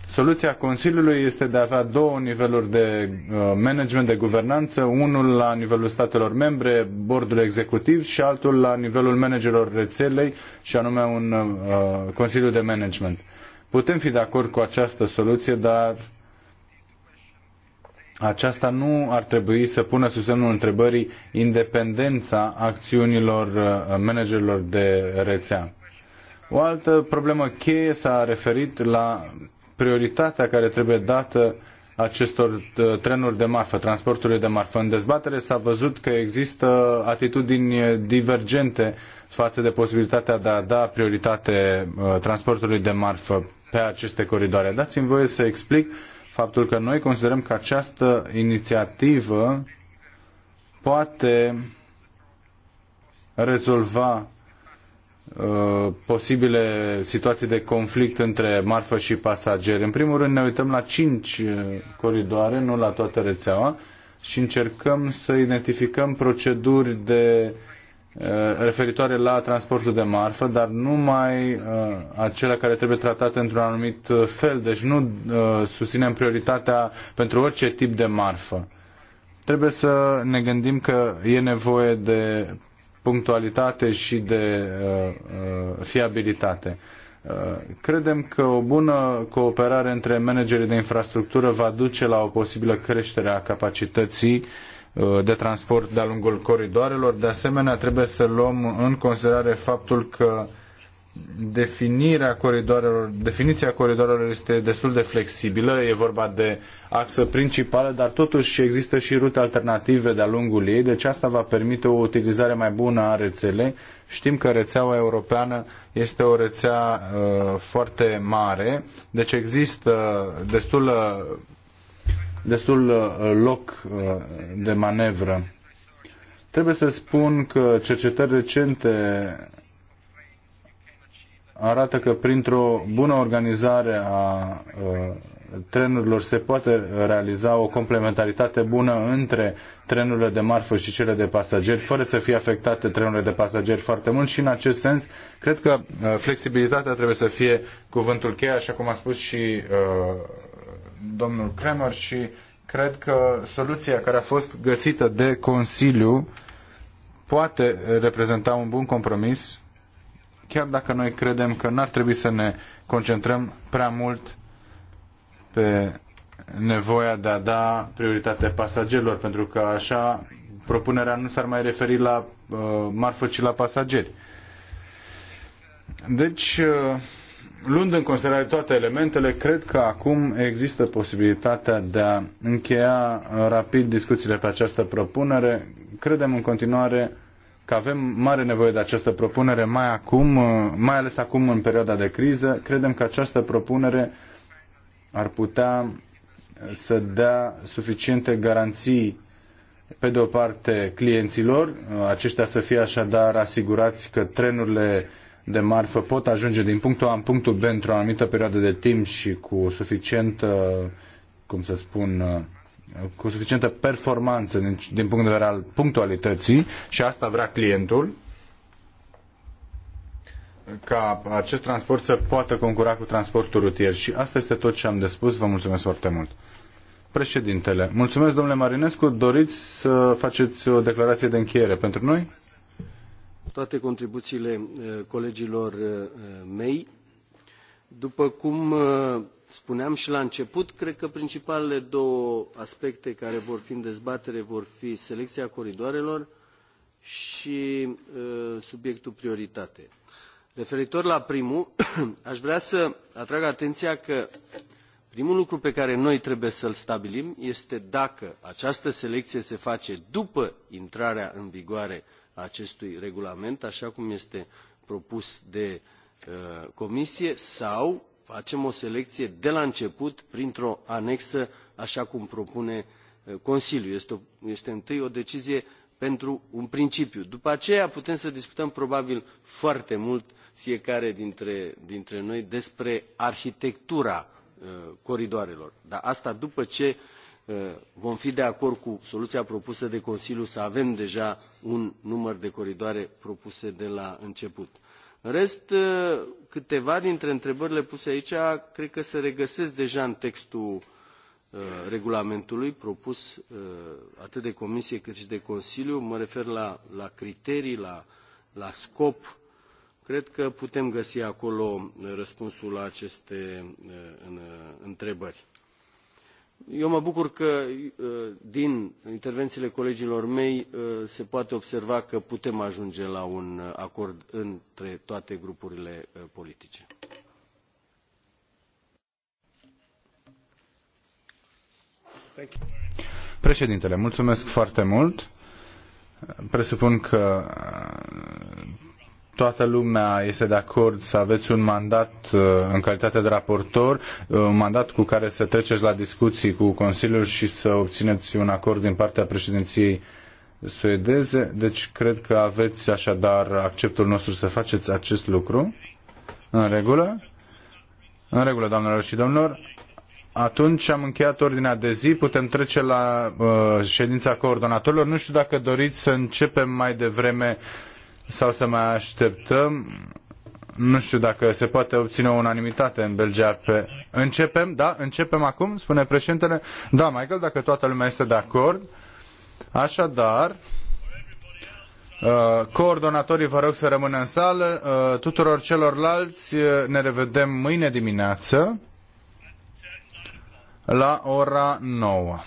Soluția Consiliului este de a avea două niveluri de uh, management, de guvernanță, unul la nivelul statelor membre, bordul executiv și altul la nivelul managerilor rețelei și anume un uh, Consiliu de Management. Putem fi de acord cu această soluție, dar aceasta nu ar trebui să pună sub semnul întrebării independența acțiunilor uh, managerilor de rețea. O altă problemă cheie s-a referit la prioritatea care trebuie dată acestor uh, trenuri de marfă, transporturile de marfă. În dezbatere s-a văzut că există atitudini divergente față de posibilitatea de a da prioritate uh, transportului de marfă pe aceste coridoare. Dați-mi voie să explic faptul că noi considerăm că această inițiativă poate rezolva uh, posibile situații de conflict între marfă și pasageri. În primul rând ne uităm la cinci uh, coridoare, nu la toată rețeaua, și încercăm să identificăm proceduri de Uh, referitoare la transportul de marfă, dar numai uh, acelea care trebuie tratate într-un anumit uh, fel. Deci nu susținem prioritatea pentru orice tip de marfă. Trebuie să ne gândim că e nevoie de punctualitate și de fiabilitate. Credem că o bună cooperare între managerii de infrastructură va duce la o posibilă creștere a capacității uh, Uh, de transport de-a lungul coridoarelor. De asemenea, trebuie să luăm în considerare faptul că definirea coridoarelor, definiția coridoarelor este destul de flexibilă, e vorba de axă principală, dar totuși există și rute alternative de-a lungul ei, deci asta va permite o utilizare mai bună a rețelei. Știm că rețeaua europeană este o rețea uh, foarte mare, deci există destulă destul uh, loc uh, de manevră. Trebuie să spun că cercetări recente arată că printr-o bună organizare a uh, trenurilor se poate realiza o complementaritate bună între trenurile de marfă și cele de pasageri, fără să fie afectate trenurile de pasageri foarte mult și în acest sens cred că flexibilitatea trebuie să fie cuvântul cheie, așa cum a spus și uh, domnul Kremer și cred că soluția care a fost găsită de Consiliu poate reprezenta un bun compromis, chiar dacă noi credem că n-ar trebui să ne concentrăm prea mult pe nevoia de a da prioritate pasagerilor, pentru că așa propunerea nu s-ar mai referi la uh, marfă, ci la pasageri. Deci, uh, luând în considerare toate elementele, cred că acum există posibilitatea de a încheia uh, rapid discuțiile pe această propunere. Credem în continuare că avem mare nevoie de această propunere mai acum, uh, mai ales acum în perioada de criză. Credem că această propunere ar putea uh, să dea suficiente garanții pe de o parte clienților, aceștia să fie așadar asigurați că trenurile de marfă pot ajunge din punctul A în punctul B într-o anumită perioadă de timp și cu suficientă, cum să spun, cu suficientă performanță din, din punct de vedere al punctualității și asta vrea clientul, ca acest transport să poată concura cu transportul rutier. Și asta este tot ce am de spus. Vă mulțumesc foarte mult. Președintele, mulțumesc domnule Marinescu. Doriți să faceți o declarație de încheiere pentru noi? toate contribuțiile uh, colegilor uh, mei. După cum uh, spuneam și la început, cred că principalele două aspecte care vor fi în dezbatere vor fi selecția coridoarelor și subiectul prioritate. Referitor la primul, [clears throat] aș vrea să atrag atenția că primul lucru pe care noi trebuie să-l stabilim este dacă această selecție se face după intrarea în vigoare acestui regulament, așa cum este propus de uh, comisie, sau facem o selecție de la început printr-o anexă, așa cum propune uh, Consiliul. Este, o, este întâi o decizie pentru un principiu. După aceea putem să discutăm probabil foarte mult fiecare dintre, dintre noi despre arhitectura uh, coridoarelor. Dar asta după ce uh, Uh, vom fi de acord cu soluția propusă de Consiliu să avem deja un număr de coridoare propuse de la început. În rest, uh, câteva dintre întrebările puse aici cred că se regăsesc deja în textul uh, regulamentului propus atât de Comisie cât și de Consiliu. Mă refer la, la criterii, la, la scop. Cred că putem găsi acolo răspunsul la aceste întrebări eu mă bucur că uh, din intervențiile colegilor mei uh, se poate observa că putem ajunge la un acord între toate grupurile uh, politice. Președintele, mulțumesc foarte mult. Presupun că toată lumea este de acord să aveți un mandat uh, în calitate de raportor, uh, un mandat cu care să treceți la discuții cu Consiliul și să obțineți un acord din partea președinției suedeze. Deci cred că aveți așadar acceptul nostru să faceți acest lucru. În regulă? În regulă, doamnelor și domnilor. Atunci am încheiat ordinea de zi, putem trece la uh, ședința coordonatorilor. Nu știu dacă doriți să începem mai devreme uh, sau să mai așteptăm nu știu dacă se poate obține o unanimitate în Belgia pe... Începem, da? Începem acum? Spune președintele. Da, Michael, dacă toată lumea este de acord. Așadar, uh, coordonatorii vă rog să rămână în sală. Uh, tuturor celorlalți uh, ne revedem mâine dimineață la ora 9.